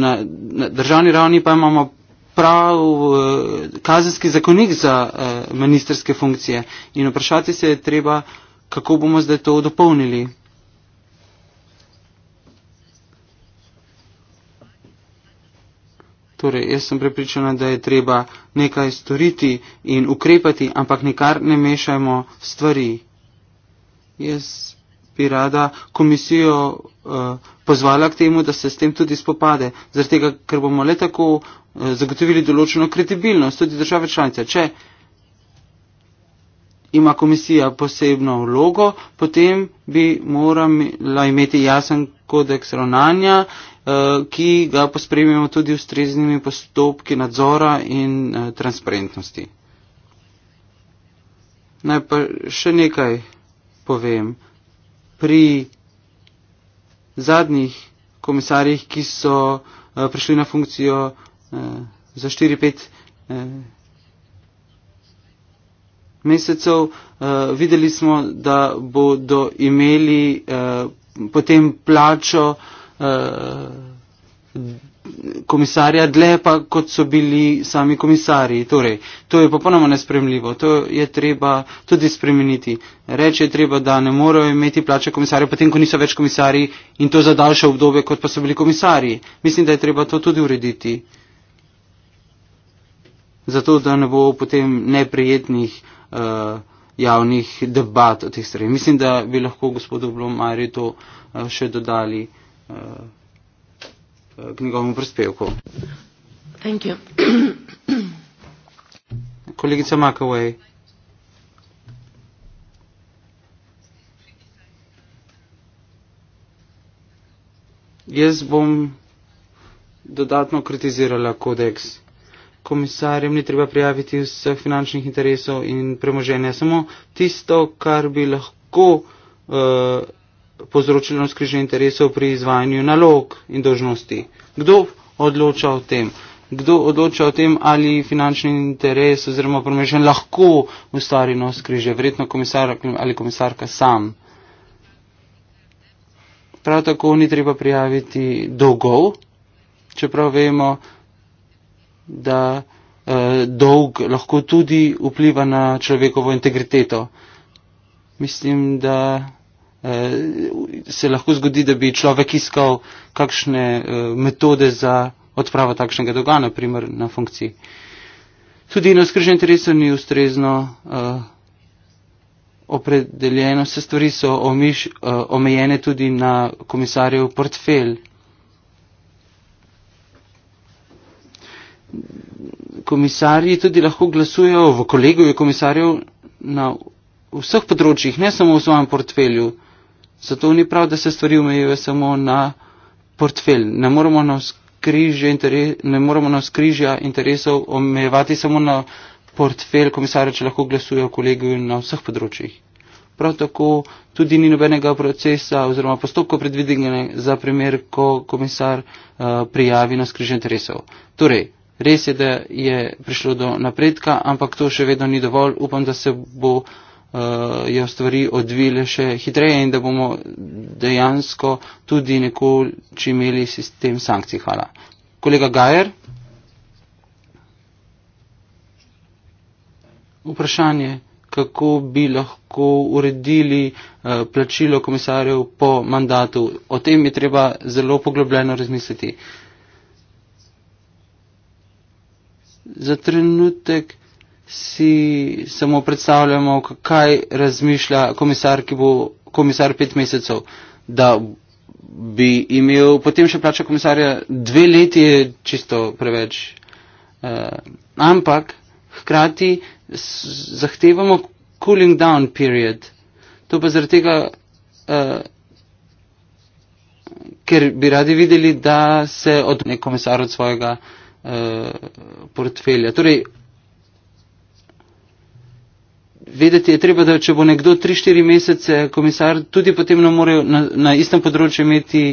Na, na državni ravni pa imamo prav eh, kazenski zakonik za eh, ministerske funkcije in vprašati se je treba, kako bomo zdaj to dopolnili. Torej, jaz sem prepričana, da je treba nekaj storiti in ukrepati, ampak nikar ne mešajmo stvari. Jaz bi rada komisijo uh, pozvala k temu, da se s tem tudi spopade, zaradi tega, ker bomo le tako uh, zagotovili določeno kredibilnost tudi države članice. Če ima komisija posebno vlogo, potem bi morala imeti jasen kodeks ravnanja, uh, ki ga pospremimo tudi ustreznimi postopki nadzora in uh, transparentnosti. Naj pa še nekaj povem, pri zadnjih komisarjih, ki so uh, prišli na funkcijo uh, za 4-5 uh, eh, mesecev, uh, videli smo, da bodo imeli uh, potem plačo uh, komisarja dle pa kot so bili sami komisarji. Torej, to je popolnoma nespremljivo, to je treba tudi spremeniti. Reče je treba, da ne morejo imeti plače komisarja, potem ko niso več komisarji in to za daljše obdobje, kot pa so bili komisarji. Mislim, da je treba to tudi urediti. Zato, da ne bo potem neprijetnih uh, javnih debat o teh stvareh. Mislim, da bi lahko gospodu Blomari to uh, še dodali. Uh, k njegovemu prispevku. Thank you. Kolegica McAway. Jaz bom dodatno kritizirala kodeks. Komisarjem ni treba prijaviti vseh finančnih interesov in premoženja, samo tisto, kar bi lahko uh, povzročeno skrižje interesov pri izvajanju nalog in dožnosti. Kdo odloča o tem? Kdo odloča o tem, ali finančni interes oziroma promešen lahko ustvari nos križe? Verjetno komisar ali komisarka sam. Prav tako ni treba prijaviti dolgov, čeprav vemo, da eh, dolg lahko tudi vpliva na človekovo integriteto. Mislim, da. Eh, se lahko zgodi, da bi človek iskal kakšne eh, metode za odpravo takšnega dogaja, naprimer na funkciji. Tudi na skrženem interesu ni ustrezno eh, opredeljeno, se stvari so omiš, omejene tudi na komisarjev portfelj. Komisarji tudi lahko glasujejo v kolegovju komisarjev na vseh področjih, ne samo v svojem portfelju. Zato ni prav, da se stvari omejuje samo na portfelj. Ne moramo na skrižja, interes, ne moramo na skrižja interesov omejevati samo na portfelj komisarja, če lahko glasuje v kolegiju na vseh področjih. Prav tako tudi ni nobenega procesa oziroma postopka predvidenega za primer, ko komisar uh, prijavi na skrižje interesov. Torej, res je, da je prišlo do napredka, ampak to še vedno ni dovolj. Upam, da se bo uh, jo stvari odvile še hitreje in da bomo dejansko tudi nekoč imeli sistem sankcij. Hvala. Kolega Gajer. Vprašanje, kako bi lahko uredili uh, plačilo komisarjev po mandatu. O tem je treba zelo poglobljeno razmisliti. Za trenutek si samo predstavljamo, kaj razmišlja komisar, ki bo komisar pet mesecev, da bi imel potem še plača komisarja dve leti, je čisto preveč. E, ampak hkrati zahtevamo cooling down period. To pa zaradi tega, e, ker bi radi videli, da se od nek komisar od svojega e, portfelja. Torej, vedeti je treba, da če bo nekdo 3-4 mesece komisar, tudi potem ne more na, na istem področju imeti,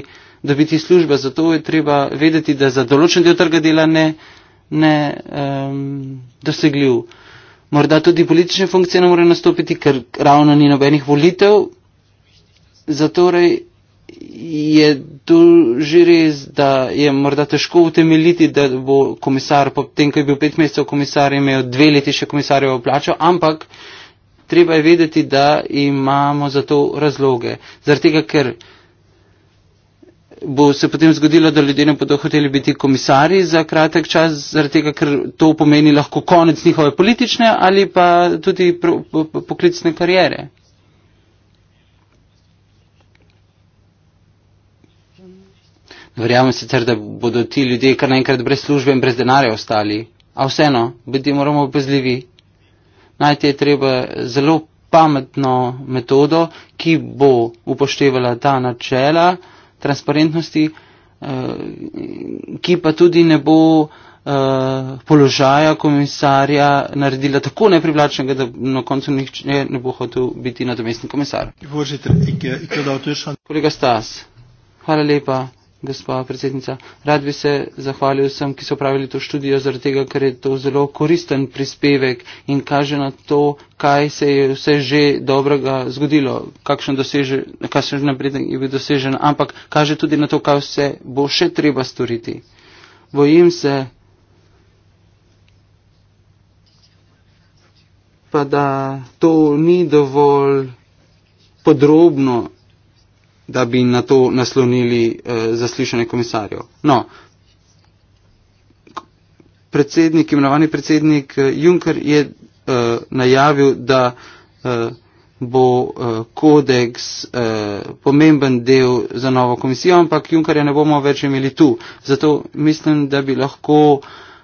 dobiti službe. Zato je treba vedeti, da za določen del trga dela ne, ne um, dosegljiv. Morda tudi politične funkcije ne more nastopiti, ker ravno ni nobenih volitev. Zato je tu že res, da je morda težko utemeljiti, da bo komisar, potem, ko je bil pet mesecev komisar, imel dve leti še komisarjevo plačo, ampak treba je vedeti, da imamo za to razloge. Zaradi tega, ker bo se potem zgodilo, da ljudje ne bodo hoteli biti komisari za kratek čas, zaradi tega, ker to pomeni lahko konec njihove politične ali pa tudi poklicne kariere. Verjamem sicer, da bodo ti ljudje kar naenkrat brez službe in brez denarja ostali. A vseeno, biti moramo obezljivi. Najti je treba zelo pametno metodo, ki bo upoštevala ta načela transparentnosti, eh, ki pa tudi ne bo eh, položaja komisarja naredila tako neprivlačnega, da na koncu nihče ne bo hotel biti nadomestni komisar. Eh, Kolega Stas, hvala lepa gospa predsednica. Rad bi se zahvalil vsem, ki so pravili to študijo, zaradi tega, ker je to zelo koristen prispevek in kaže na to, kaj se je vse že dobrega zgodilo, kakšen dosežen, kakšen napredek je bil dosežen, ampak kaže tudi na to, kaj vse bo še treba storiti. Bojim se, pa da to ni dovolj podrobno da bi na to naslonili eh, zaslišanje komisarjev. No, predsednik, imenovani predsednik eh, Juncker je eh, najavil, da eh, bo eh, kodeks eh, pomemben del za novo komisijo, ampak Junckerja ne bomo več imeli tu. Zato mislim, da bi lahko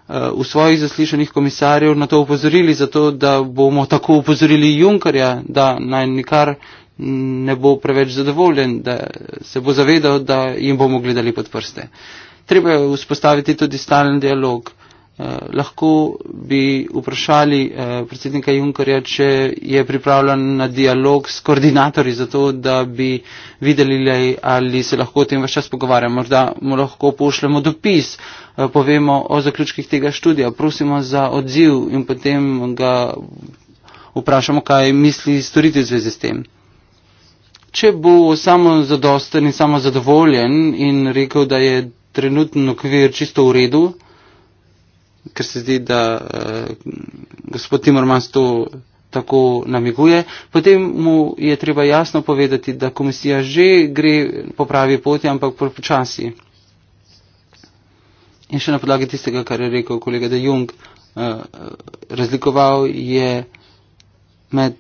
eh, v svojih zaslišanjih komisarjev na to upozorili, zato da bomo tako upozorili Junckerja, da naj nikar ne bo preveč zadovoljen, da se bo zavedal, da jim bomo gledali pod prste. Treba je vzpostaviti tudi stalen dialog. Eh, lahko bi vprašali eh, predsednika Junkerja, če je pripravljen na dialog s koordinatorji, zato da bi videli, ali se lahko o tem vse čas pogovarjamo. Morda mu lahko pošljemo dopis, eh, povemo o zaključkih tega študija, prosimo za odziv in potem ga vprašamo, kaj misli storiti v zvezi s tem če bo samo zadosten in samo zadovoljen in rekel, da je trenutno okvir čisto v redu, ker se zdi, da uh, gospod Timormans to tako namiguje, potem mu je treba jasno povedati, da komisija že gre po pravi poti, ampak počasi. In še na podlagi tistega, kar je rekel kolega De Jong, uh, razlikoval je med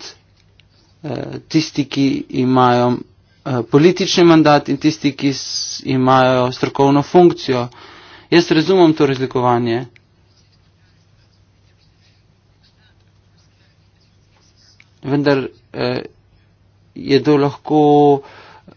Eh, tisti, ki imajo eh, politični mandat in tisti, ki imajo strokovno funkcijo. Jaz razumem to razlikovanje. Vendar eh, je to lahko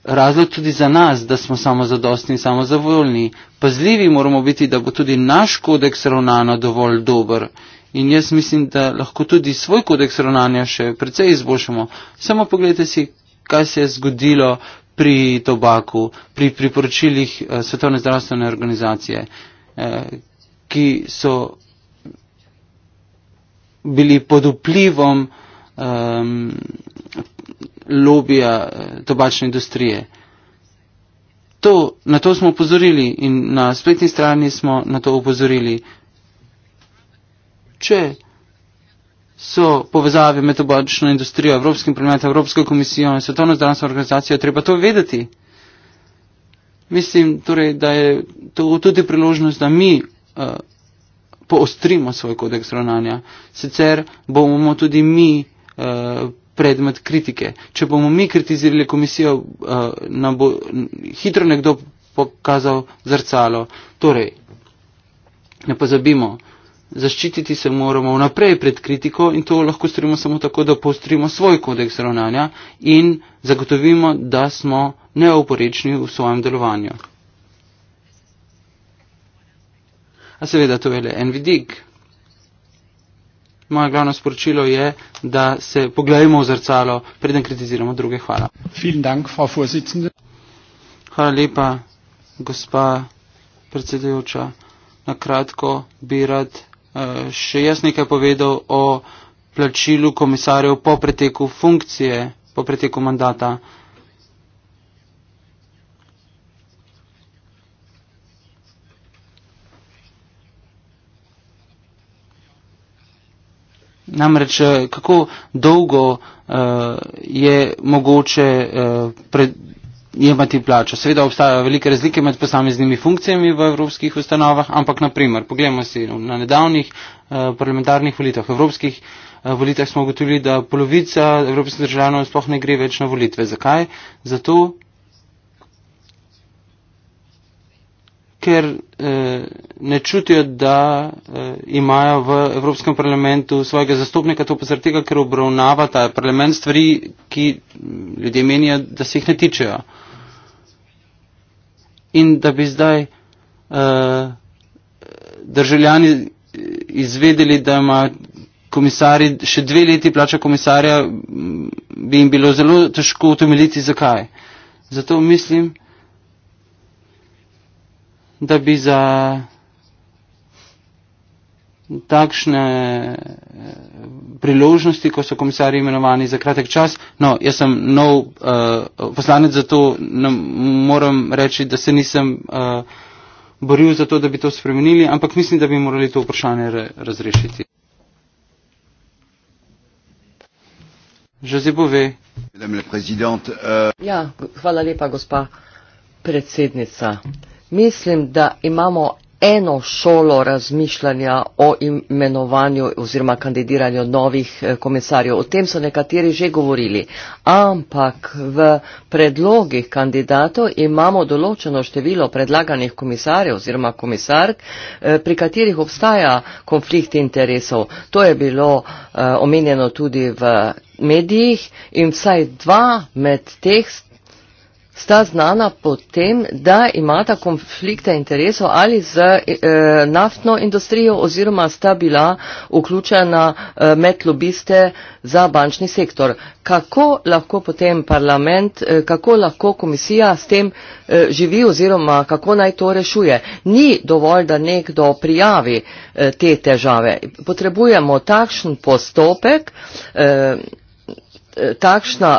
razlog tudi za nas, da smo samo zadostni in samo zavoljni. Pazljivi moramo biti, da bo tudi naš kodeks ravnano dovolj dober In jaz mislim, da lahko tudi svoj kodeks ravnanja še precej izboljšamo. Samo pogledajte si, kaj se je zgodilo pri tobaku, pri priporočilih eh, Svetovne zdravstvene organizacije, eh, ki so bili pod vplivom um, lobija eh, tobačne industrije. To, na to smo upozorili in na spletni strani smo na to upozorili če so povezave med tobačno industrijo, Evropskim parlamentom, Evropsko komisijo in Svetovno zdravstveno organizacijo, treba to vedeti. Mislim torej, da je to tudi priložnost, da mi uh, poostrimo svoj kodeks ravnanja. Sicer bomo tudi mi uh, predmet kritike. Če bomo mi kritizirali komisijo, uh, nam bo hitro nekdo pokazal zrcalo. Torej, ne pozabimo, zaščititi se moramo vnaprej pred kritiko in to lahko storimo samo tako, da postrimo svoj kodeks ravnanja in zagotovimo, da smo neoporečni v svojem delovanju. A seveda to je le en vidik. Moje glavno sporočilo je, da se pogledamo v zrcalo, preden kritiziramo druge. Hvala. Hvala lepa, gospa predsedujoča. Na kratko bi rad Eh, še jaz nekaj povedal o plačilu komisarjev po preteku funkcije, po preteku mandata. Namreč, eh, kako dolgo uh, je mogoče uh, pred, jemati plačo. Seveda obstajajo velike razlike med posameznimi funkcijami v evropskih ustanovah, ampak naprimer, pogledamo si na nedavnih eh, parlamentarnih volitev, evropskih eh, volitev smo ugotovili, da polovica evropskih državljanov sploh ne gre več na volitve. Zakaj? Zato, ker eh, ne čutijo, da eh, imajo v Evropskem parlamentu svojega zastopnika, to pa zaradi tega, ker obravnava ta parlament stvari, ki mm, ljudje menijo, da se jih ne tičejo. Eh, in da bi zdaj uh, državljani eh, izvedeli, da ima komisari še dve leti plača komisarja, bi jim bilo zelo težko utemeljiti, zakaj. Zato mislim, da bi za takšne eh, priložnosti, ko so komisari imenovani za kratek čas. No, jaz sem nov uh, poslanec, zato moram reči, da se nisem uh, boril za to, da bi to spremenili, ampak mislim, da bi morali to vprašanje re, razrešiti. Že bove. Euh, ja, hvala lepa, gospa predsednica. Mislim, da imamo eno šolo razmišljanja o imenovanju oziroma kandidiranju novih eh, komisarjev. O tem so nekateri že govorili, ampak v predlogih kandidatov imamo določeno število predlaganih komisarjev oziroma komisark, eh, pri katerih obstaja konflikt interesov. To je bilo eh, omenjeno tudi v medijih in vsaj dva med teh sta sta znana potem, da imata konflikte interesov ali z eh, naftno industrijo oziroma sta bila vključena eh, med lobiste za bančni sektor. Kako lahko potem parlament, eh, kako lahko komisija s tem eh, živi oziroma kako naj to rešuje? Ni dovolj, da nekdo prijavi eh, te težave. Potrebujemo takšen postopek. Eh, takšna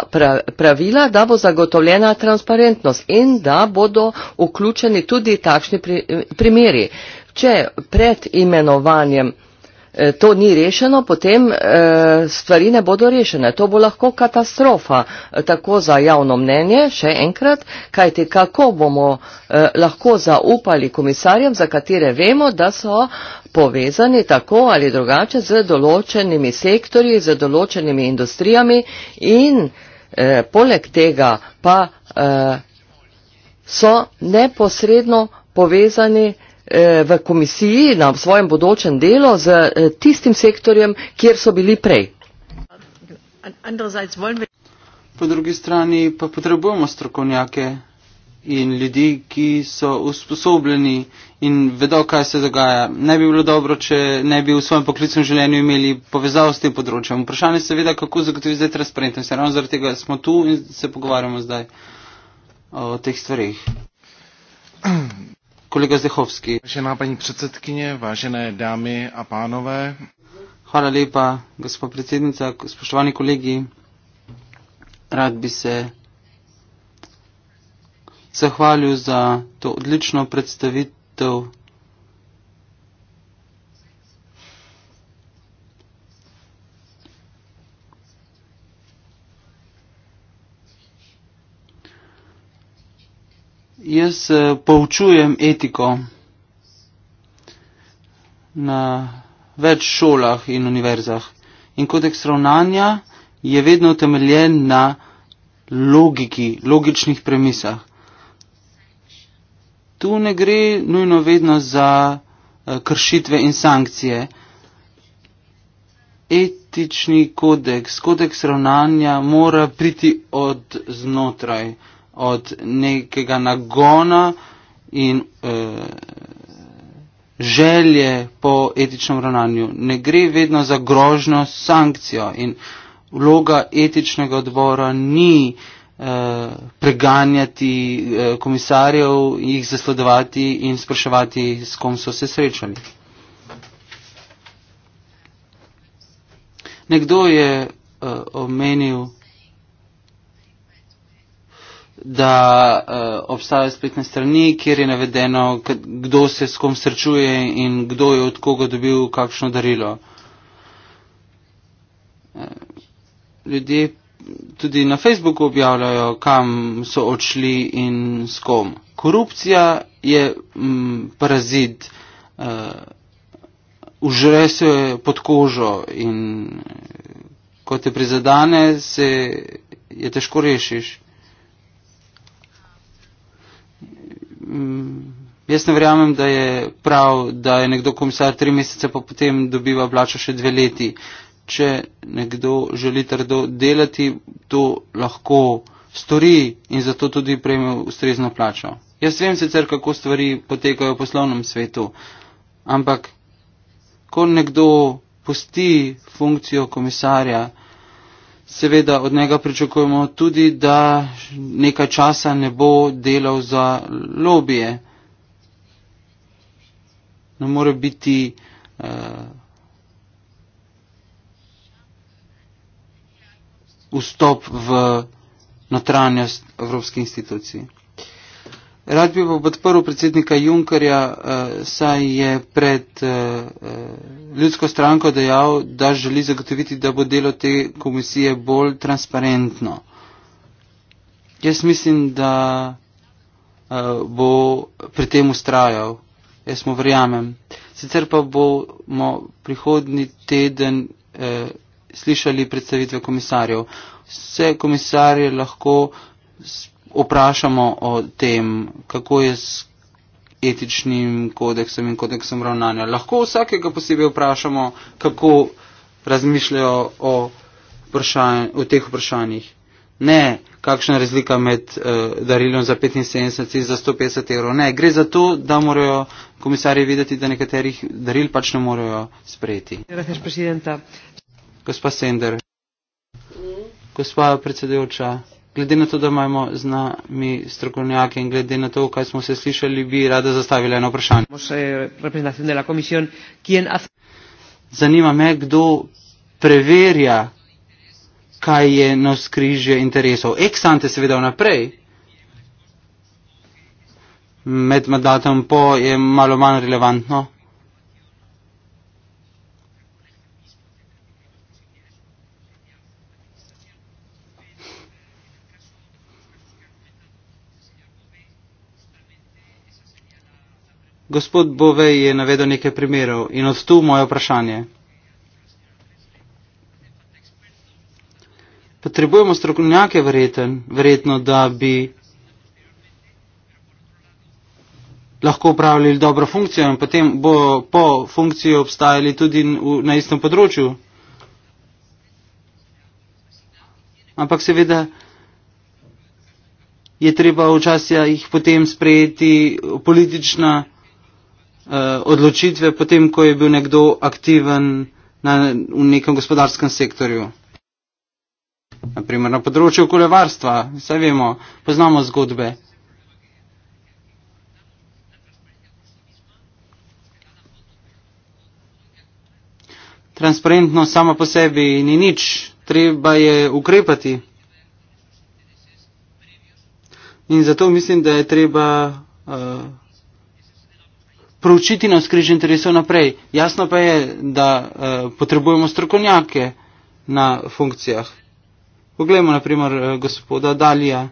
pravila, da bo zagotovljena transparentnost in da bodo vključeni tudi takšni primeri. Če pred imenovanjem Eh, to ni rešeno, potem eh, stvari ne bodo rešene. To bo lahko katastrofa, eh, tako za javno mnenje, še enkrat, kajte kako bomo lahko zaupali komisarjem, za katere vemo, da so povezani tako ali drugače z določenimi sektorji, z določenimi industrijami in eh, poleg tega pa eh, so neposredno povezani eh, Eh, v komisiji na svojem bodočem delu z eh, tistim sektorjem, kjer so bili prej. Po drugi strani pa potrebujemo strokovnjake in ljudi, ki so usposobljeni in vedo, kaj se dogaja. Ne bi bilo dobro, če ne bi v svojem poklicnem življenju imeli povezav s tem področjem. Vprašanje je seveda, kako zagotoviti zdaj transparentnost. Ravno zaradi tega smo tu in se pogovarjamo zdaj o teh stvarih. Kolega Zehovski. Vážená paní předsedkyně, vážené dámy a pánové. Hvala lepa, gospod predsednica, spoštovani kolegi. Rad bi se zahvalil za to odlično predstavitev jaz eh, poučujem etiko na več šolah in univerzah. In kodeks ravnanja je vedno utemeljen na logiki, logičnih premisah. Tu ne gre nujno vedno za eh, kršitve in sankcije. Etični kodeks, kodeks ravnanja mora priti od znotraj, od nekega nagona in e, želje po etičnem ravnanju. Ne gre vedno za grožno sankcijo in vloga etičnega odbora ni e, preganjati e, komisarjev, jih zasledovati in spraševati, s kom so se srečali. Nekdo je uh, omenil da uh, obstajajo spletne strani, kjer je navedeno, kdo se s kom srečuje in kdo je od koga dobil kakšno darilo. Eh, ljudje tudi na Facebooku objavljajo, kam so odšli in s kom. Korupcija je mm, parazit, uh, užre se pod kožo in ko te prizadane, se je težko rešiš. Mm, jaz ne verjamem, da je prav, da je nekdo komisar tri mesece, pa potem dobiva plačo še dve leti. Če nekdo želi trdo delati, to lahko stori in zato tudi prejme ustrezno plačo. Jaz vem sicer, kako stvari potekajo v poslovnem svetu, ampak ko nekdo pusti funkcijo komisarja, Seveda od njega pričakujemo tudi, da nekaj časa ne bo delal za lobije. Ne more biti uh, vstop v notranjost Evropske institucije. Rad bi podporil predsednika Junkerja, eh, saj je pred eh, eh, ljudsko stranko dejal, da želi zagotoviti, da bo delo te komisije bolj transparentno. Jaz mislim, da bo pri tem ustrajal. Jaz mu verjamem. Sicer pa bomo prihodni teden slišali predstavitve komisarjev. Vse komisarje lahko vprašamo o tem, kako je s etičnim kodeksom in kodeksom ravnanja. Lahko vsakega posebej vprašamo, kako razmišljajo o, o teh vprašanjih. Ne, kakšna je razlika med uh, darilom za 75 in za 150 evrov. Ne, gre za to, da morajo komisarji videti, da nekaterih daril pač ne morejo sprejeti. Gospa Sender. Gospa predsedujoča glede na to, da imamo z nami strokovnjake in glede na to, kaj smo se slišali, bi rada zastavila eno vprašanje. Eh, Zanima me, kdo preverja, kaj je navskrižje interesov. Eksante seveda vnaprej. Med mandatom po je malo manj relevantno. Gospod Bovej je navedel nekaj primerov in od tu moje vprašanje. Potrebujemo strokovnjake verjeten, verjetno, da bi lahko upravljali dobro funkcijo in potem bo po funkciji obstajali tudi na istem področju. Ampak seveda je treba včasih jih potem sprejeti politična Eh, odločitve, potem ko je bil nekdo aktiven na, v nekem gospodarskem sektorju. Naprimer na področju okoljevarstva, vse vemo, poznamo zgodbe. Transparentno samo po sebi ni nič, treba je ukrepati. In zato mislim, da je treba. Uh, proučiti na skrižju interesov naprej. Jasno pa je, da uh, potrebujemo strokovnjake na funkcijah. Poglejmo naprimer uh, eh, gospoda Dalija.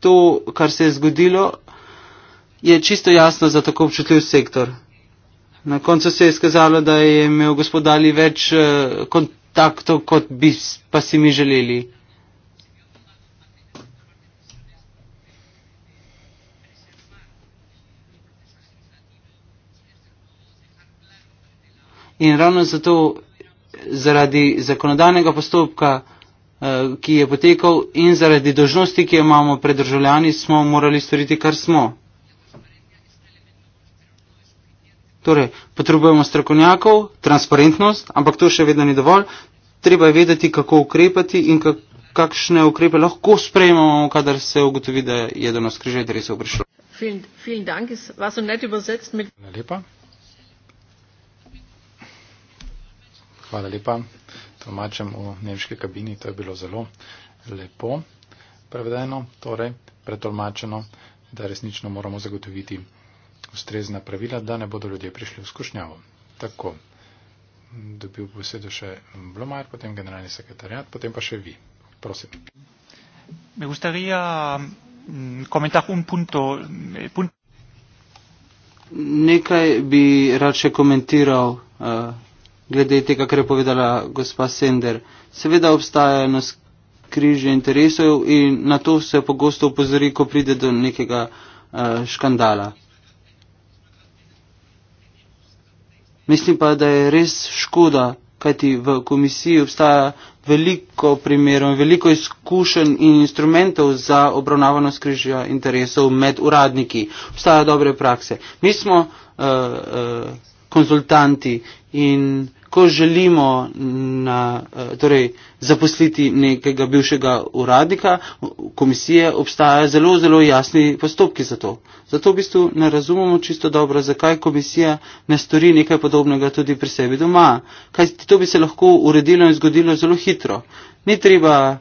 To, kar se je zgodilo, je čisto jasno za tako občutljiv sektor. Na koncu se je skazalo, da je imel gospod Dali več uh, kontaktov, kot bi pa si mi želeli. in ravno zato zaradi zakonodajnega postopka, eh, ki je potekal in zaradi dožnosti, ki jo imamo pred državljani, smo morali storiti, kar smo. Torej, potrebujemo strokovnjakov, transparentnost, ampak to še vedno ni dovolj. Treba je vedeti, kako ukrepati in kak, kakšne ukrepe lahko sprejmemo, kadar se ugotovi, da je do nas križaj interesov prišlo. Hvala lepa. Hvala lepa. Tomačem v nemški kabini, to je bilo zelo lepo prevedeno, torej pretolmačeno, da resnično moramo zagotoviti ustrezna pravila, da ne bodo ljudje prišli v skušnjavo. Tako, dobil bo besedo še Blomar, potem generalni sekretarjat, potem pa še vi. Prosim. Me gustaría mm, comentar un punto, eh, punto. Nekaj bi rad še komentiral. Uh, glede tega, kar je povedala gospa Sender. Seveda obstaja eno skrižje interesov in na to se pogosto upozori, ko pride do nekega uh, škandala. Mislim pa, da je res škoda, kajti v komisiji obstaja veliko primerov, veliko izkušenj in instrumentov za obravnavano skrižja interesov med uradniki. Obstaja dobre prakse. Mi smo uh, uh, konzultanti in ko želimo na, eh, torej, zaposliti nekega bivšega uradnika komisije, obstajajo zelo, zelo jasni postopki za to. Zato v bistvu ne razumemo čisto dobro, zakaj komisija ne stori nekaj podobnega tudi pri sebi doma. Kaj to bi se lahko uredilo in zgodilo zelo hitro. Ni treba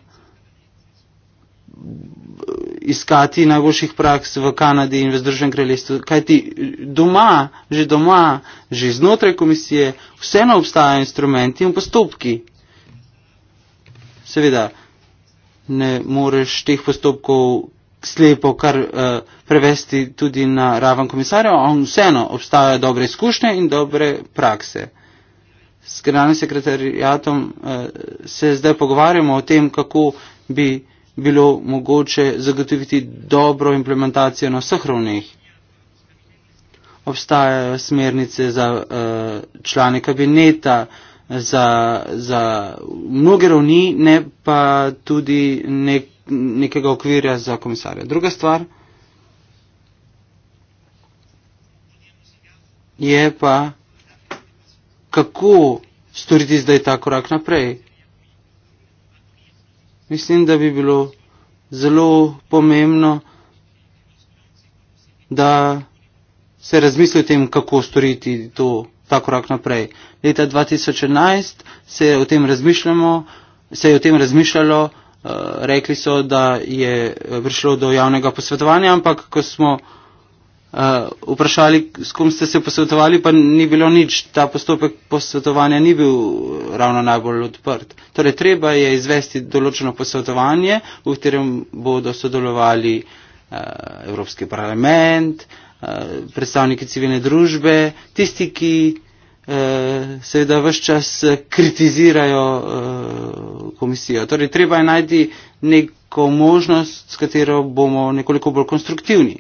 iskati najboljših praks v Kanadi in v Združenem kraljestvu. Kaj ti doma, že doma, že znotraj komisije, vseeno obstajajo instrumenti in postopki. Seveda, ne moreš teh postopkov slepo kar uh, prevesti tudi na raven komisarja, ampak vseeno obstajajo dobre izkušnje in dobre prakse. S generalnim sekretarjatom uh, eh, se zdaj pogovarjamo o tem, kako bi uh, bilo mogoče zagotoviti dobro implementacijo na vseh ravneh. Obstajajo smernice za eh, člane kabineta, za, za mnoge ravni, ne pa tudi nek, nekega okvirja za komisarja. Druga stvar je pa, kako storiti zdaj ta korak naprej. Mislim, da bi bilo zelo pomembno, da se razmisli o tem, kako storiti to, ta korak naprej. Leta 2011 se je o tem, se je o tem razmišljalo, uh, rekli so, da je eh, prišlo do javnega posvetovanja, ampak ko smo uh, uh, vprašali, s kom ste se posvetovali, pa ni bilo nič. Ta postopek posvetovanja ni bil eh, ravno najbolj odprt. Torej, treba je izvesti določeno posvetovanje, v katerem bodo sodelovali uh, Evropski parlament, uh, predstavniki civilne družbe, tisti, ki seveda vse čas kritizirajo komisijo. Torej, treba je najti neko možnost, s katero bomo nekoliko bolj konstruktivni.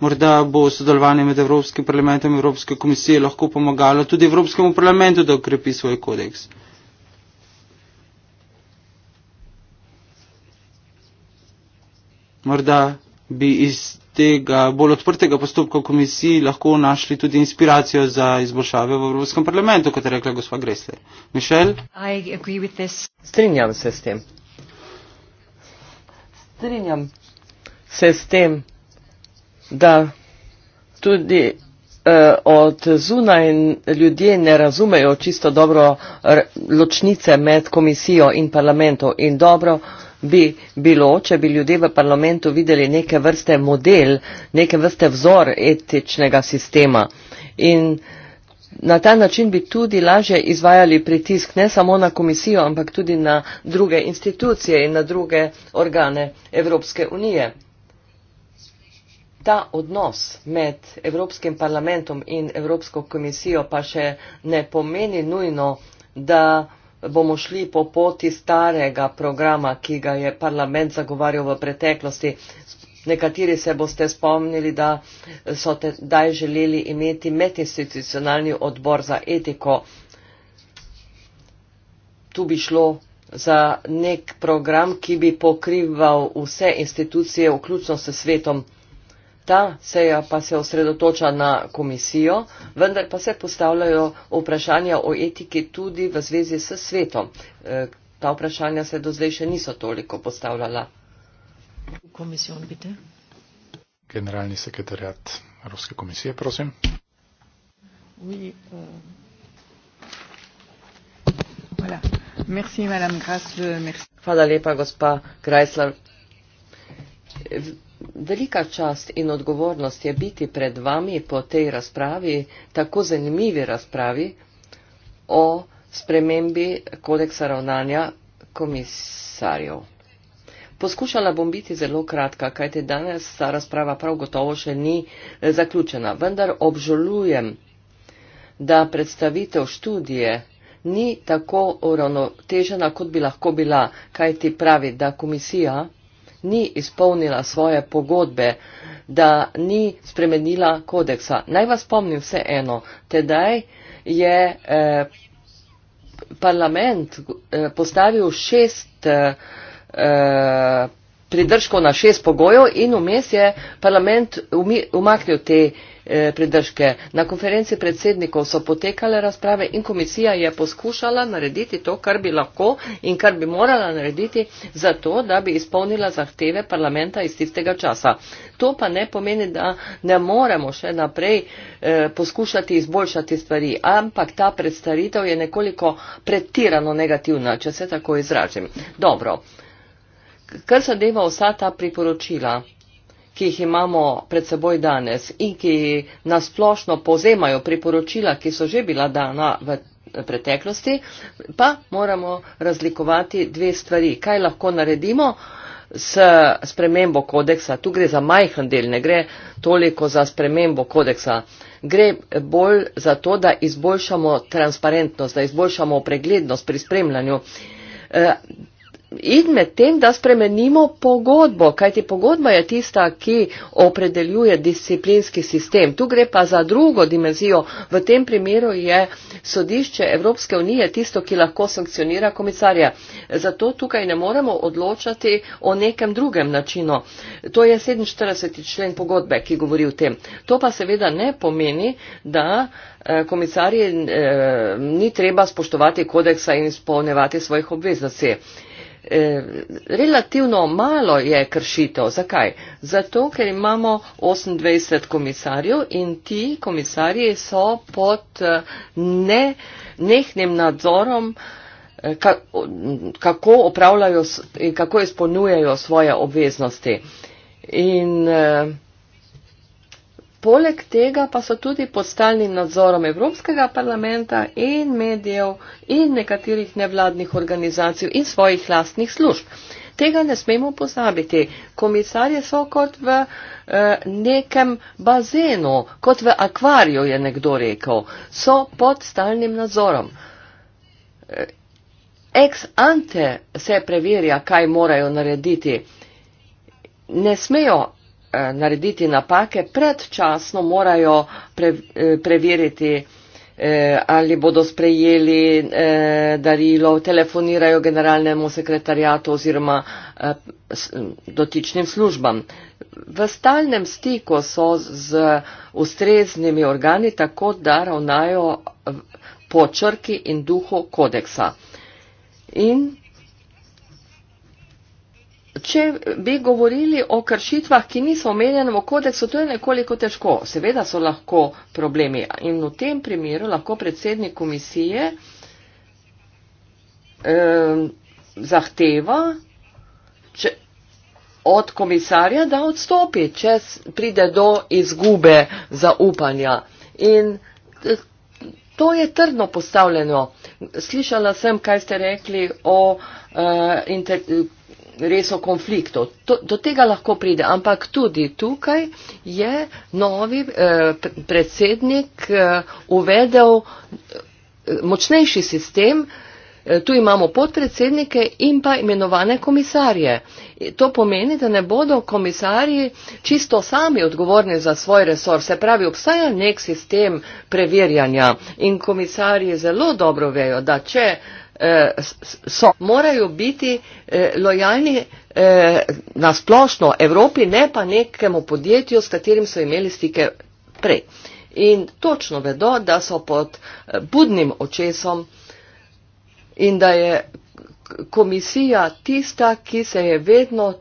Morda bo sodelovanje med Evropskim parlamentom in Evropske komisije lahko pomagalo tudi Evropskemu parlamentu, da ukrepi svoj kodeks. Morda bi iz tega bolj odprtega postopka v komisiji lahko našli tudi inspiracijo za izboljšave v Evropskem parlamentu, kot je rekla gospa Gresler. Mišel? Strinjam se s tem. Strinjam se s tem da tudi uh, od zunaj ljudje ne razumejo čisto dobro ločnice med komisijo in parlamentom in dobro bi bilo, če bi ljudje v parlamentu videli neke vrste model, neke vrste vzor etičnega sistema. In na ta način bi tudi lažje izvajali pritisk ne samo na komisijo, ampak tudi na druge institucije in na druge organe Evropske unije ta odnos med Evropskim parlamentom in Evropsko komisijo pa še ne pomeni nujno, da bomo šli po poti starega programa, ki ga je parlament zagovarjal v preteklosti. Nekateri se boste spomnili, da so tedaj želeli imeti medinstitucionalni odbor za etiko. Tu bi šlo za nek program, ki bi pokrival vse institucije, vključno s svetom. Ta seja pa se osredotoča na komisijo, vendar pa se postavljajo vprašanja o etiki tudi v zvezi s svetom. E, ta vprašanja se do zdaj še niso toliko postavljala. Komisijon, bite. Generalni sekretarjat Evropske komisije, prosim. Oui, uh... Merci, Grasler, merci. Hvala lepa, gospa Grajsler. Velika čast in odgovornost je biti pred vami po tej razpravi, tako zanimivi razpravi o spremembi kodeksa ravnanja komisarjev. Poskušala bom biti zelo kratka, kajte danes ta razprava prav gotovo še ni eh, zaključena, vendar obžalujem, da predstavitev študije ni tako uravnotežena, kot bi lahko bila, kajti pravi, da komisija ni izpolnila svoje pogodbe, da ni spremenila kodeksa. Naj vas spomnim vse eno, tedaj je eh, parlament eh, postavil šest eh, pridržkov na šest pogojev in vmes je parlament umaknil te pogoje. Eh, pridržke. Na konferenci predsednikov so potekale razprave in komisija je poskušala narediti to, kar bi lahko in kar bi morala narediti za to, da bi izpolnila zahteve parlamenta iz tistega časa. To pa ne pomeni, da ne moremo še naprej eh, poskušati izboljšati stvari, ampak ta predstavitev je nekoliko pretirano negativna, če se tako izražim. Dobro. Kar zadeva vsa ta priporočila, ki jih imamo pred seboj danes in ki nasplošno povzemajo priporočila, ki so že bila dana v preteklosti, pa moramo razlikovati dve stvari. Kaj lahko naredimo s spremembo kodeksa? Tu gre za majhen del, ne gre toliko za spremembo kodeksa. Gre bolj za to, da izboljšamo transparentnost, da izboljšamo preglednost pri spremljanju. Eh, in med tem, da spremenimo pogodbo, kajti pogodba je tista, ki opredeljuje disciplinski sistem. Tu gre pa za drugo dimenzijo. V tem primeru je sodišče Evropske unije tisto, ki lahko sankcionira komisarja. Zato tukaj ne moremo odločati o nekem drugem načinu. To je 47. člen pogodbe, ki govori o tem. To pa seveda ne pomeni, da eh, komisarji eh, ni treba spoštovati kodeksa in izpolnevati svojih obveznosti. Eh, relativno malo je kršitev. Zakaj? Zato, ker imamo 28 komisarjev in ti komisarji so pod eh, ne, nehnim nadzorom, eh, kako opravljajo in kako izpolnjujejo svoje obveznosti. In, uh, Poleg tega pa so tudi pod stalnim nadzorom Evropskega parlamenta in medijev in nekaterih nevladnih organizacij in svojih lastnih služb. Tega ne smemo pozabiti. Komisarje so kot v eh, nekem bazenu, kot v akvariju, je nekdo rekel, so pod stalnim nadzorom. Eh, ex ante se preverja, kaj morajo narediti. Ne smejo Eh, narediti napake, predčasno morajo pre, eh, preveriti, eh, ali bodo sprejeli darilo, telefonirajo generalnemu sekretarjatu oziroma dotičnim službam. V stalnem stiku so z ustreznimi organi, tako da ravnajo po črki in duhu kodeksa. In če bi govorili o kršitvah, ki niso omenjene v kodeksu, to je nekoliko težko. Seveda so lahko problemi in v tem primeru lahko predsednik komisije eh, zahteva če, od komisarja, da odstopi, če pride do izgube zaupanja. In eh, to je trdno postavljeno. Slišala sem, kaj ste rekli o eh, interpretaciji res o konfliktu. To, do tega lahko pride, ampak tudi tukaj je novi eh, predsednik eh, uvedel eh, močnejši sistem. Eh, tu imamo podpredsednike in pa imenovane komisarje. To pomeni, da ne bodo komisarji čisto sami odgovorni za svoj resor. Se pravi, obstaja nek sistem preverjanja in komisarji zelo dobro vejo, da če eh, Eh, so, morajo biti eh, lojalni eh, na splošno Evropi, ne pa nekemu podjetju, s katerim so imeli stike prej. In točno vedo, da so pod budnim očesom in da je komisija tista, ki se je vedno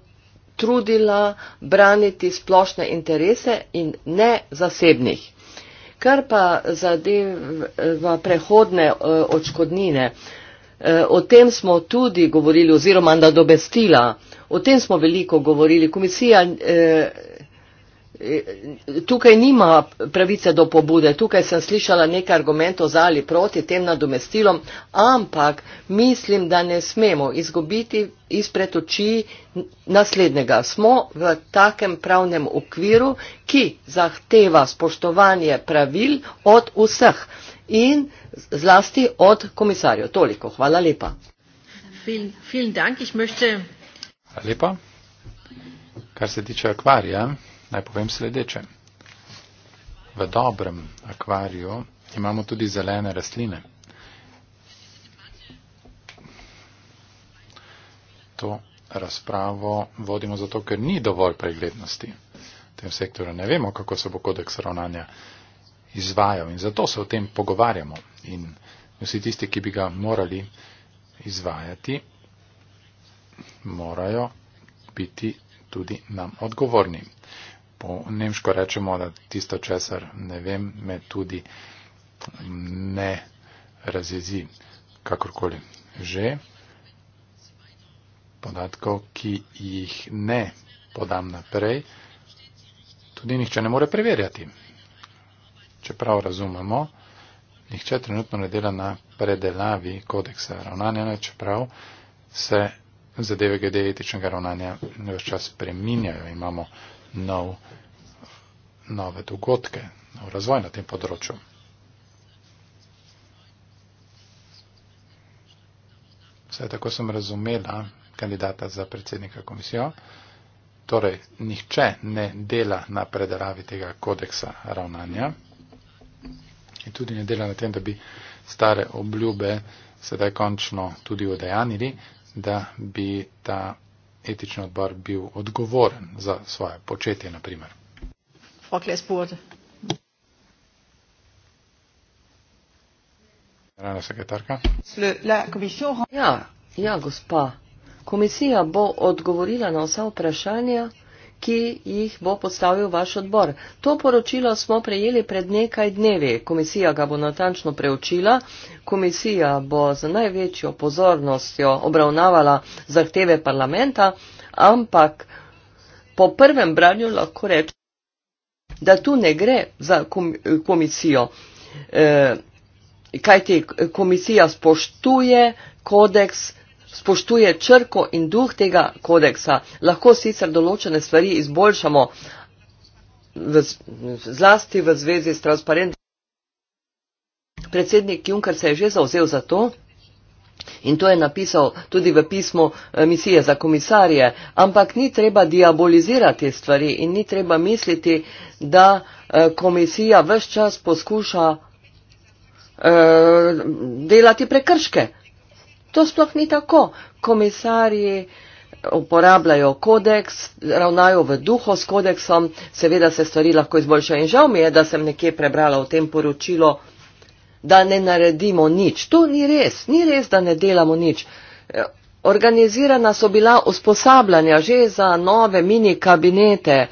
trudila braniti splošne interese in ne zasebnih. Kar pa zadeva prehodne odškodnine. Uh, Eh, o tem smo tudi govorili oziroma na dobestila, o tem smo veliko govorili. Komisija eh, tukaj nima pravice do pobude, tukaj sem slišala nekaj argumentov za ali proti tem nadomestilom, ampak mislim, da ne smemo izgubiti izpred oči naslednjega. Smo v takem pravnem okviru, ki zahteva spoštovanje pravil od vseh in zlasti od komisarjev. Toliko. Hvala lepa. Hvala lepa. Kar se tiče akvarija, naj povem sledeče. V dobrem akvariju imamo tudi zelene rastline. To razpravo vodimo zato, ker ni dovolj preglednosti v tem sektorju. Ne vemo, kako se bo kodeks ravnanja izvajal in zato se o tem pogovarjamo in vsi tisti, ki bi ga morali izvajati, morajo biti tudi nam odgovorni. Po nemško rečemo, da tisto, česar ne vem, me tudi ne razjezi, kakorkoli že. Podatkov, ki jih ne podam naprej, tudi nihče ne more preverjati čeprav razumemo, nihče trenutno ne dela na predelavi kodeksa ravnanja, no, čeprav se zadeve glede etičnega ravnanja več čas preminjajo. Imamo nov, nove dogodke, nov razvoj na tem področju. Vse tako sem razumela kandidata za predsednika komisijo. Torej, nihče ne dela na predelavi tega kodeksa ravnanja in tudi ne dela na tem, da bi stare obljube sedaj končno tudi odejanili, da bi ta etični odbor bil odgovoren za svoje početje, na primer. Rana sekretarka. Ja, ja, gospa. Komisija bo odgovorila na vsa vprašanja ki jih bo postavil vaš odbor. To poročilo smo prejeli pred nekaj dnevi. Komisija ga bo natančno preučila. Komisija bo z največjo pozornostjo obravnavala zahteve parlamenta, ampak po prvem branju lahko rečem, da tu ne gre za komisijo. E, kajti eh, komisija spoštuje kodeks spoštuje črko in duh tega kodeksa. Lahko sicer določene stvari izboljšamo v, zlasti v zvezi s transparentnostjo. Predsednik Juncker se je že zauzel za to in to je napisal tudi v pismu eh, misije za komisarje, ampak ni treba diabolizirati stvari in ni treba misliti, da eh, komisija vse čas poskuša uh, delati prekrške. To sploh ni tako. Komisarji uporabljajo kodeks, ravnajo v duhu s kodeksom, seveda se stvari lahko izboljšajo in žal mi je, da sem nekje prebrala v tem poročilu, da ne naredimo nič. To ni res, ni res, da ne delamo nič. Organizirana so bila usposabljanja že za nove mini kabinete, eh,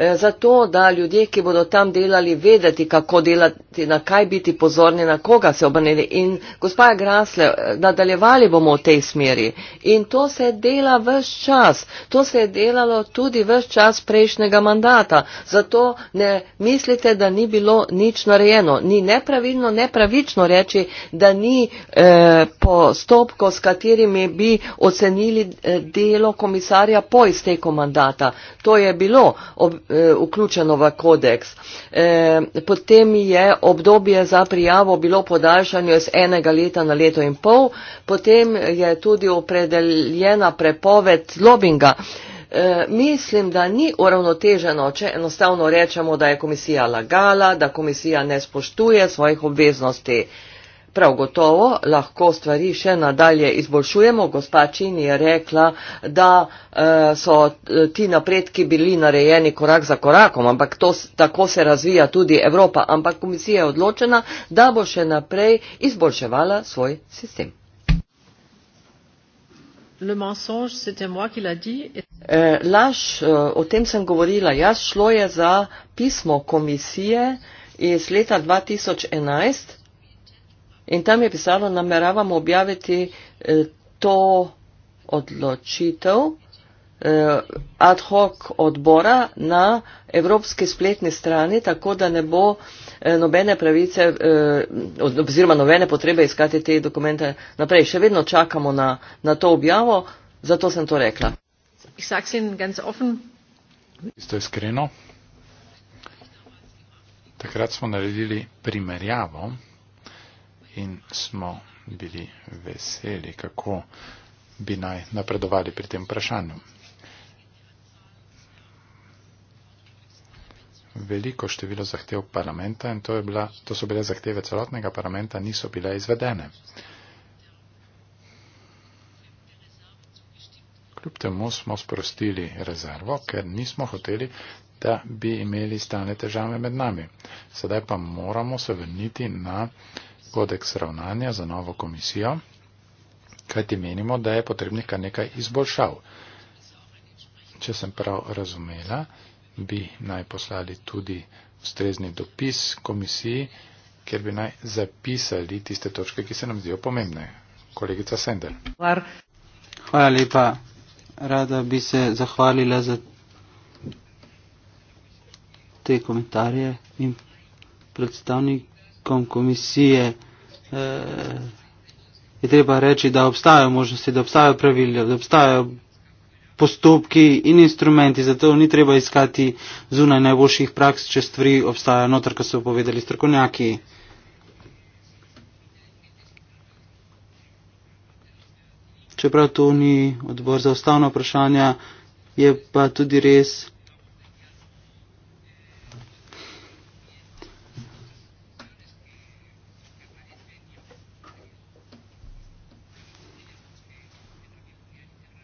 Eh, zato da ljudje, ki bodo tam delali, vedeti, kako delati, na kaj biti pozorni, na koga se obrniti. In gospa je grasle, eh, nadaljevali bomo v tej smeri. In to se je dela vse čas. To se je delalo tudi vse čas prejšnjega mandata. Zato ne mislite, da ni bilo nič narejeno. Ni nepravilno, nepravično reči, da ni eh, postopko, s katerimi bi ocenili eh, delo komisarja po izteku mandata. To je bilo. Ob, Eh, vključeno v kodeks. Eh, potem je obdobje za prijavo bilo podaljšanje z enega leta na leto in pol, potem je tudi opredeljena prepoved lobinga. Eh, mislim, da ni uravnoteženo, če enostavno rečemo, da je komisija lagala, da komisija ne spoštuje svojih obveznosti. Prav gotovo lahko stvari še nadalje izboljšujemo. Gospa Čin je rekla, da eh, so eh, ti napredki bili narejeni korak za korakom, ampak to, tako se razvija tudi Evropa. Ampak komisija je odločena, da bo še naprej izboljševala svoj sistem. Eh, Laž, o tem sem govorila jaz, šlo je za pismo komisije iz leta 2011 In tam je pisalo, nameravamo objaviti eh, to odločitev eh, ad hoc odbora na evropski spletni strani, tako da ne bo eh, nobene pravice oziroma nobene potrebe iskati te dokumente naprej. Še vedno čakamo na, na to objavo, zato sem to rekla. Isto iskreno. Takrat smo naredili primerjavo in smo bili veseli, kako bi naj napredovali pri tem vprašanju. Veliko število zahtev parlamenta in to, je bila, to so bile zahteve celotnega parlamenta, niso bile izvedene. Kljub temu smo sprostili rezervo, ker nismo hoteli, da bi imeli stane težave med nami. Sedaj pa moramo se vrniti na kodeks ravnanja za novo komisijo, kajti menimo, da je potrebnih kar nekaj izboljšav. Če sem prav razumela, bi naj poslali tudi ustrezni dopis komisiji, kjer bi naj zapisali tiste točke, ki se nam zdijo pomembne. Kolegica Sendel. Hvala lepa. Rada bi se zahvalila za te komentarje in predstavnik predsednikom komisije. Eh, je treba reči, da obstajajo možnosti, da obstajajo pravilja, da obstajajo postopki in instrumenti, zato ni treba iskati zunaj najboljših praks, če stvari obstajajo notr, kot so povedali strokovnjaki. Čeprav to ni odbor za ustavno vprašanje, je pa tudi res,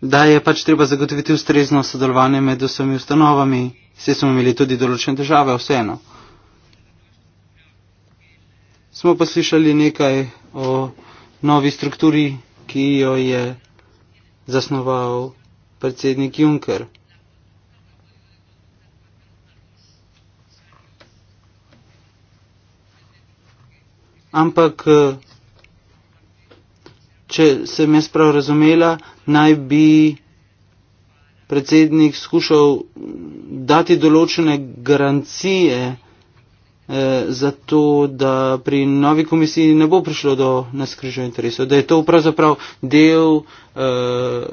da je pač treba zagotoviti ustrezno sodelovanje med vsemi ustanovami. Vse smo imeli tudi določene države, vseeno. Smo pa slišali nekaj o novi strukturi, ki jo je zasnoval predsednik Juncker. Ampak če sem jaz prav razumela, naj bi predsednik skušal dati določene garancije eh, za to, da pri novi komisiji ne bo prišlo do naskrižja interesov, da je to pravzaprav del eh,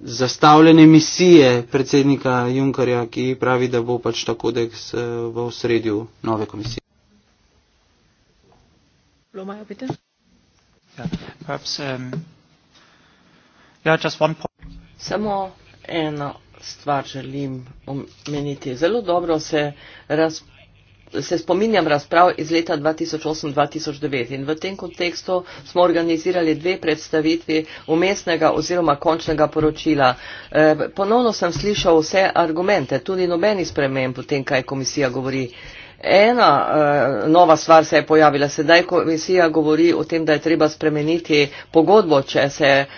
zastavljene misije predsednika Junkarja, ki pravi, da bo pač ta kodeks eh, v sredju nove komisije. Lo mai apetit. Yeah. Perhaps. Um, yeah, just one point. Samo ena stvar želim omeniti. Zelo dobro se, raz, se spominjam razprav iz leta 2008-2009 in v tem kontekstu smo organizirali dve predstavitvi umestnega oziroma končnega poročila. E, ponovno sem slišal vse argumente, tudi nobeni sprememb v tem, kaj komisija govori. Ena uh, nova stvar se je pojavila. Sedaj komisija govori o tem, da je treba spremeniti pogodbo, če se uh,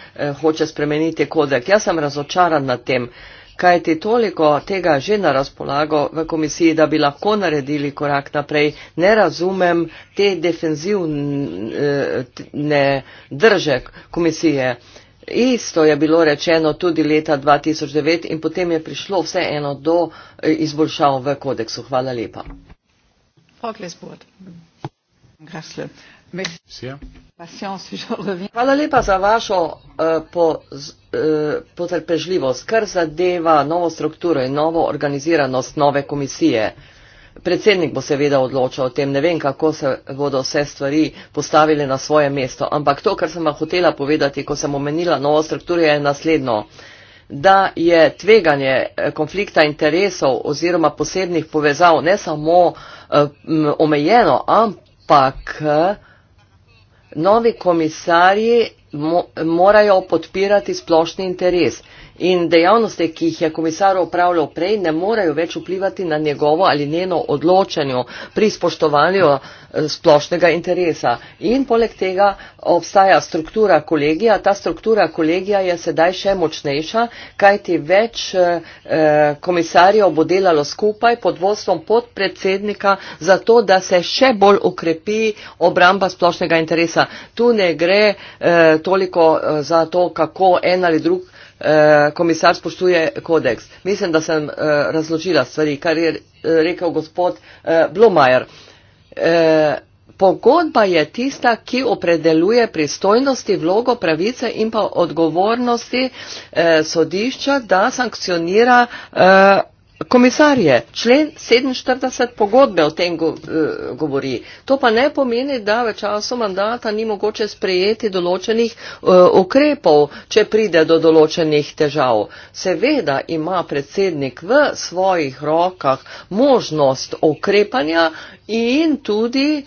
hoče spremeniti kodek. Jaz sem razočaran nad tem, kaj ti toliko tega že na razpolago v komisiji, da bi lahko naredili korak naprej. Ne razumem te defenzivne drže komisije. Isto je bilo rečeno tudi leta 2009 in potem je prišlo vseeno do eh, izboljšav v kodeksu. Hvala lepa. Frau Glesburg. Hvala lepa za vašo uh, po, z, uh, potrpežljivost, kar zadeva novo strukturo in novo organiziranost nove komisije. Predsednik bo seveda odločal o tem, ne vem, kako se bodo vse stvari postavile na svoje mesto, ampak to, kar sem vam hotela povedati, ko sem omenila novo strukturo, je naslednjo da je tveganje eh, konflikta interesov oziroma posebnih povezav ne samo eh, omejeno, ampak eh, novi komisarji morajo podpirati splošni interes in dejavnosti, ki jih je komisar opravljal prej, ne morejo več vplivati na njegovo ali njeno odločanje pri spoštovanju eh, splošnega interesa. In poleg tega obstaja struktura kolegija. Ta struktura kolegija je sedaj še močnejša, kajti več eh, eh, komisarjev bo delalo skupaj pod vodstvom podpredsednika, zato da se še bolj ukrepi obramba splošnega interesa. Tu ne gre toliko za to, kako en ali drug Eh, komisar spoštuje kodeks. Mislim, da sem eh, razločila stvari, kar je eh, rekel gospod Blomajer. Pogodba je tista, ki opredeluje pristojnosti, vlogo, pravice in pa odgovornosti sodišča, da sankcionira Komisar je, člen 47 pogodbe o tem eh, govori. To pa ne pomeni, da v času mandata ni mogoče sprejeti določenih eh, ukrepov, če pride do določenih težav. Seveda ima predsednik v svojih rokah možnost ukrepanja in tudi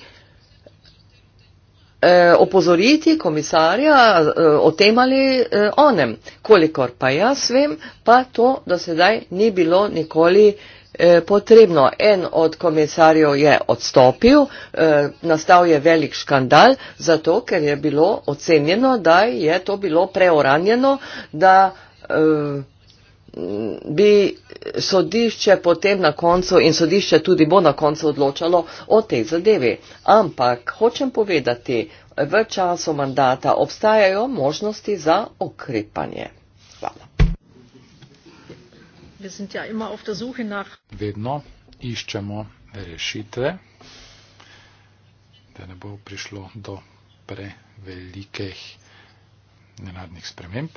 Eh, opozoriti komisarja eh, o tem ali eh, onem. Kolikor pa jaz vem, pa to do sedaj ni bilo nikoli potrebno. En od komisarjev je odstopil, nastal je velik škandal, zato ker je bilo ocenjeno, da je to bilo preoranjeno, da bi sodišče potem na koncu in sodišče tudi bo na koncu odločalo o tej zadevi. Ampak hočem povedati, v času mandata obstajajo možnosti za okrepanje. Hvala. Ja Vedno iščemo rešitve, da ne bo prišlo do prevelikih nenadnih sprememb.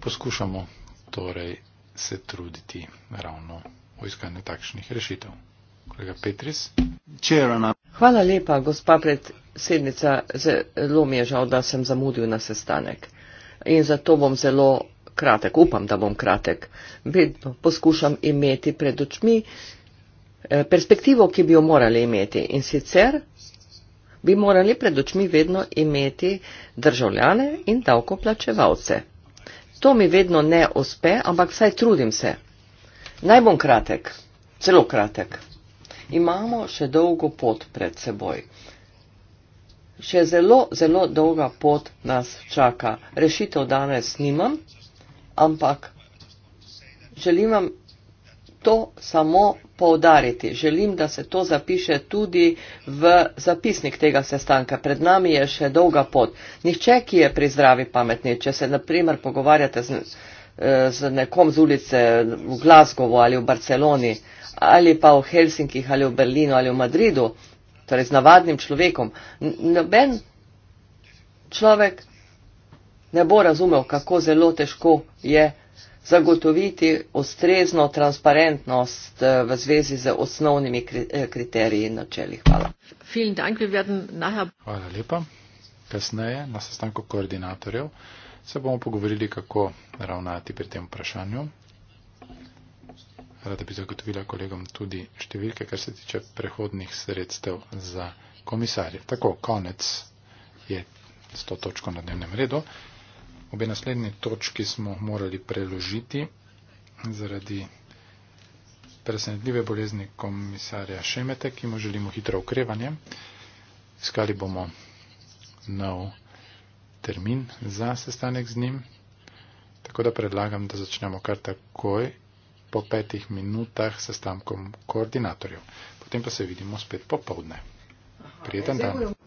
Poskušamo torej se truditi ravno v iskanju takšnih rešitev. Kolega Petris. Hvala lepa, gospa predsednica. Zelo mi je žal, da sem zamudil na sestanek. In zato bom zelo kratek, upam, da bom kratek. Vedno poskušam imeti pred očmi eh, perspektivo, ki bi jo morali imeti. In sicer bi morali pred očmi vedno imeti državljane in davkoplačevalce. To mi vedno ne uspe, ampak vsaj trudim se. Naj bom kratek, celo kratek. Imamo še dolgo pot pred seboj. Še zelo, zelo dolga pot nas čaka. Rešitev danes nimam, ampak želim vam to samo poudariti. Želim, da se to zapiše tudi v zapisnik tega sestanka. Pred nami je še dolga pot. Nihče, ki je pri zdravi pametni, če se naprimer pogovarjate z, eh, z nekom z ulice v Glasgowu ali v Barceloni ali pa v Helsinkih ali v Berlinu ali v Madridu, torej z navadnim človekom, noben človek ne bo razumel, kako zelo težko je zagotoviti ustrezno transparentnost eh, v zvezi z osnovnimi eh, kriteriji in načeli. Hvala. Hvala lepa. Kasneje na sestanku koordinatorjev se bomo pogovorili, kako ravnati pri tem vprašanju. Rada bi zagotovila kolegom tudi številke, kar se tiče prehodnih sredstev za komisarje. Tako, konec je s to točko na dnevnem redu. Obe naslednje točki smo morali preložiti zaradi presenetljive bolezni komisarja Šemete, ki mu želimo hitro ukrevanje. Iskali bomo nov termin za sestanek z njim, tako da predlagam, da začnemo kar takoj po petih minutah sestankom koordinatorjev. Potem pa se vidimo spet popovdne. Prijeten dan. Zagujem.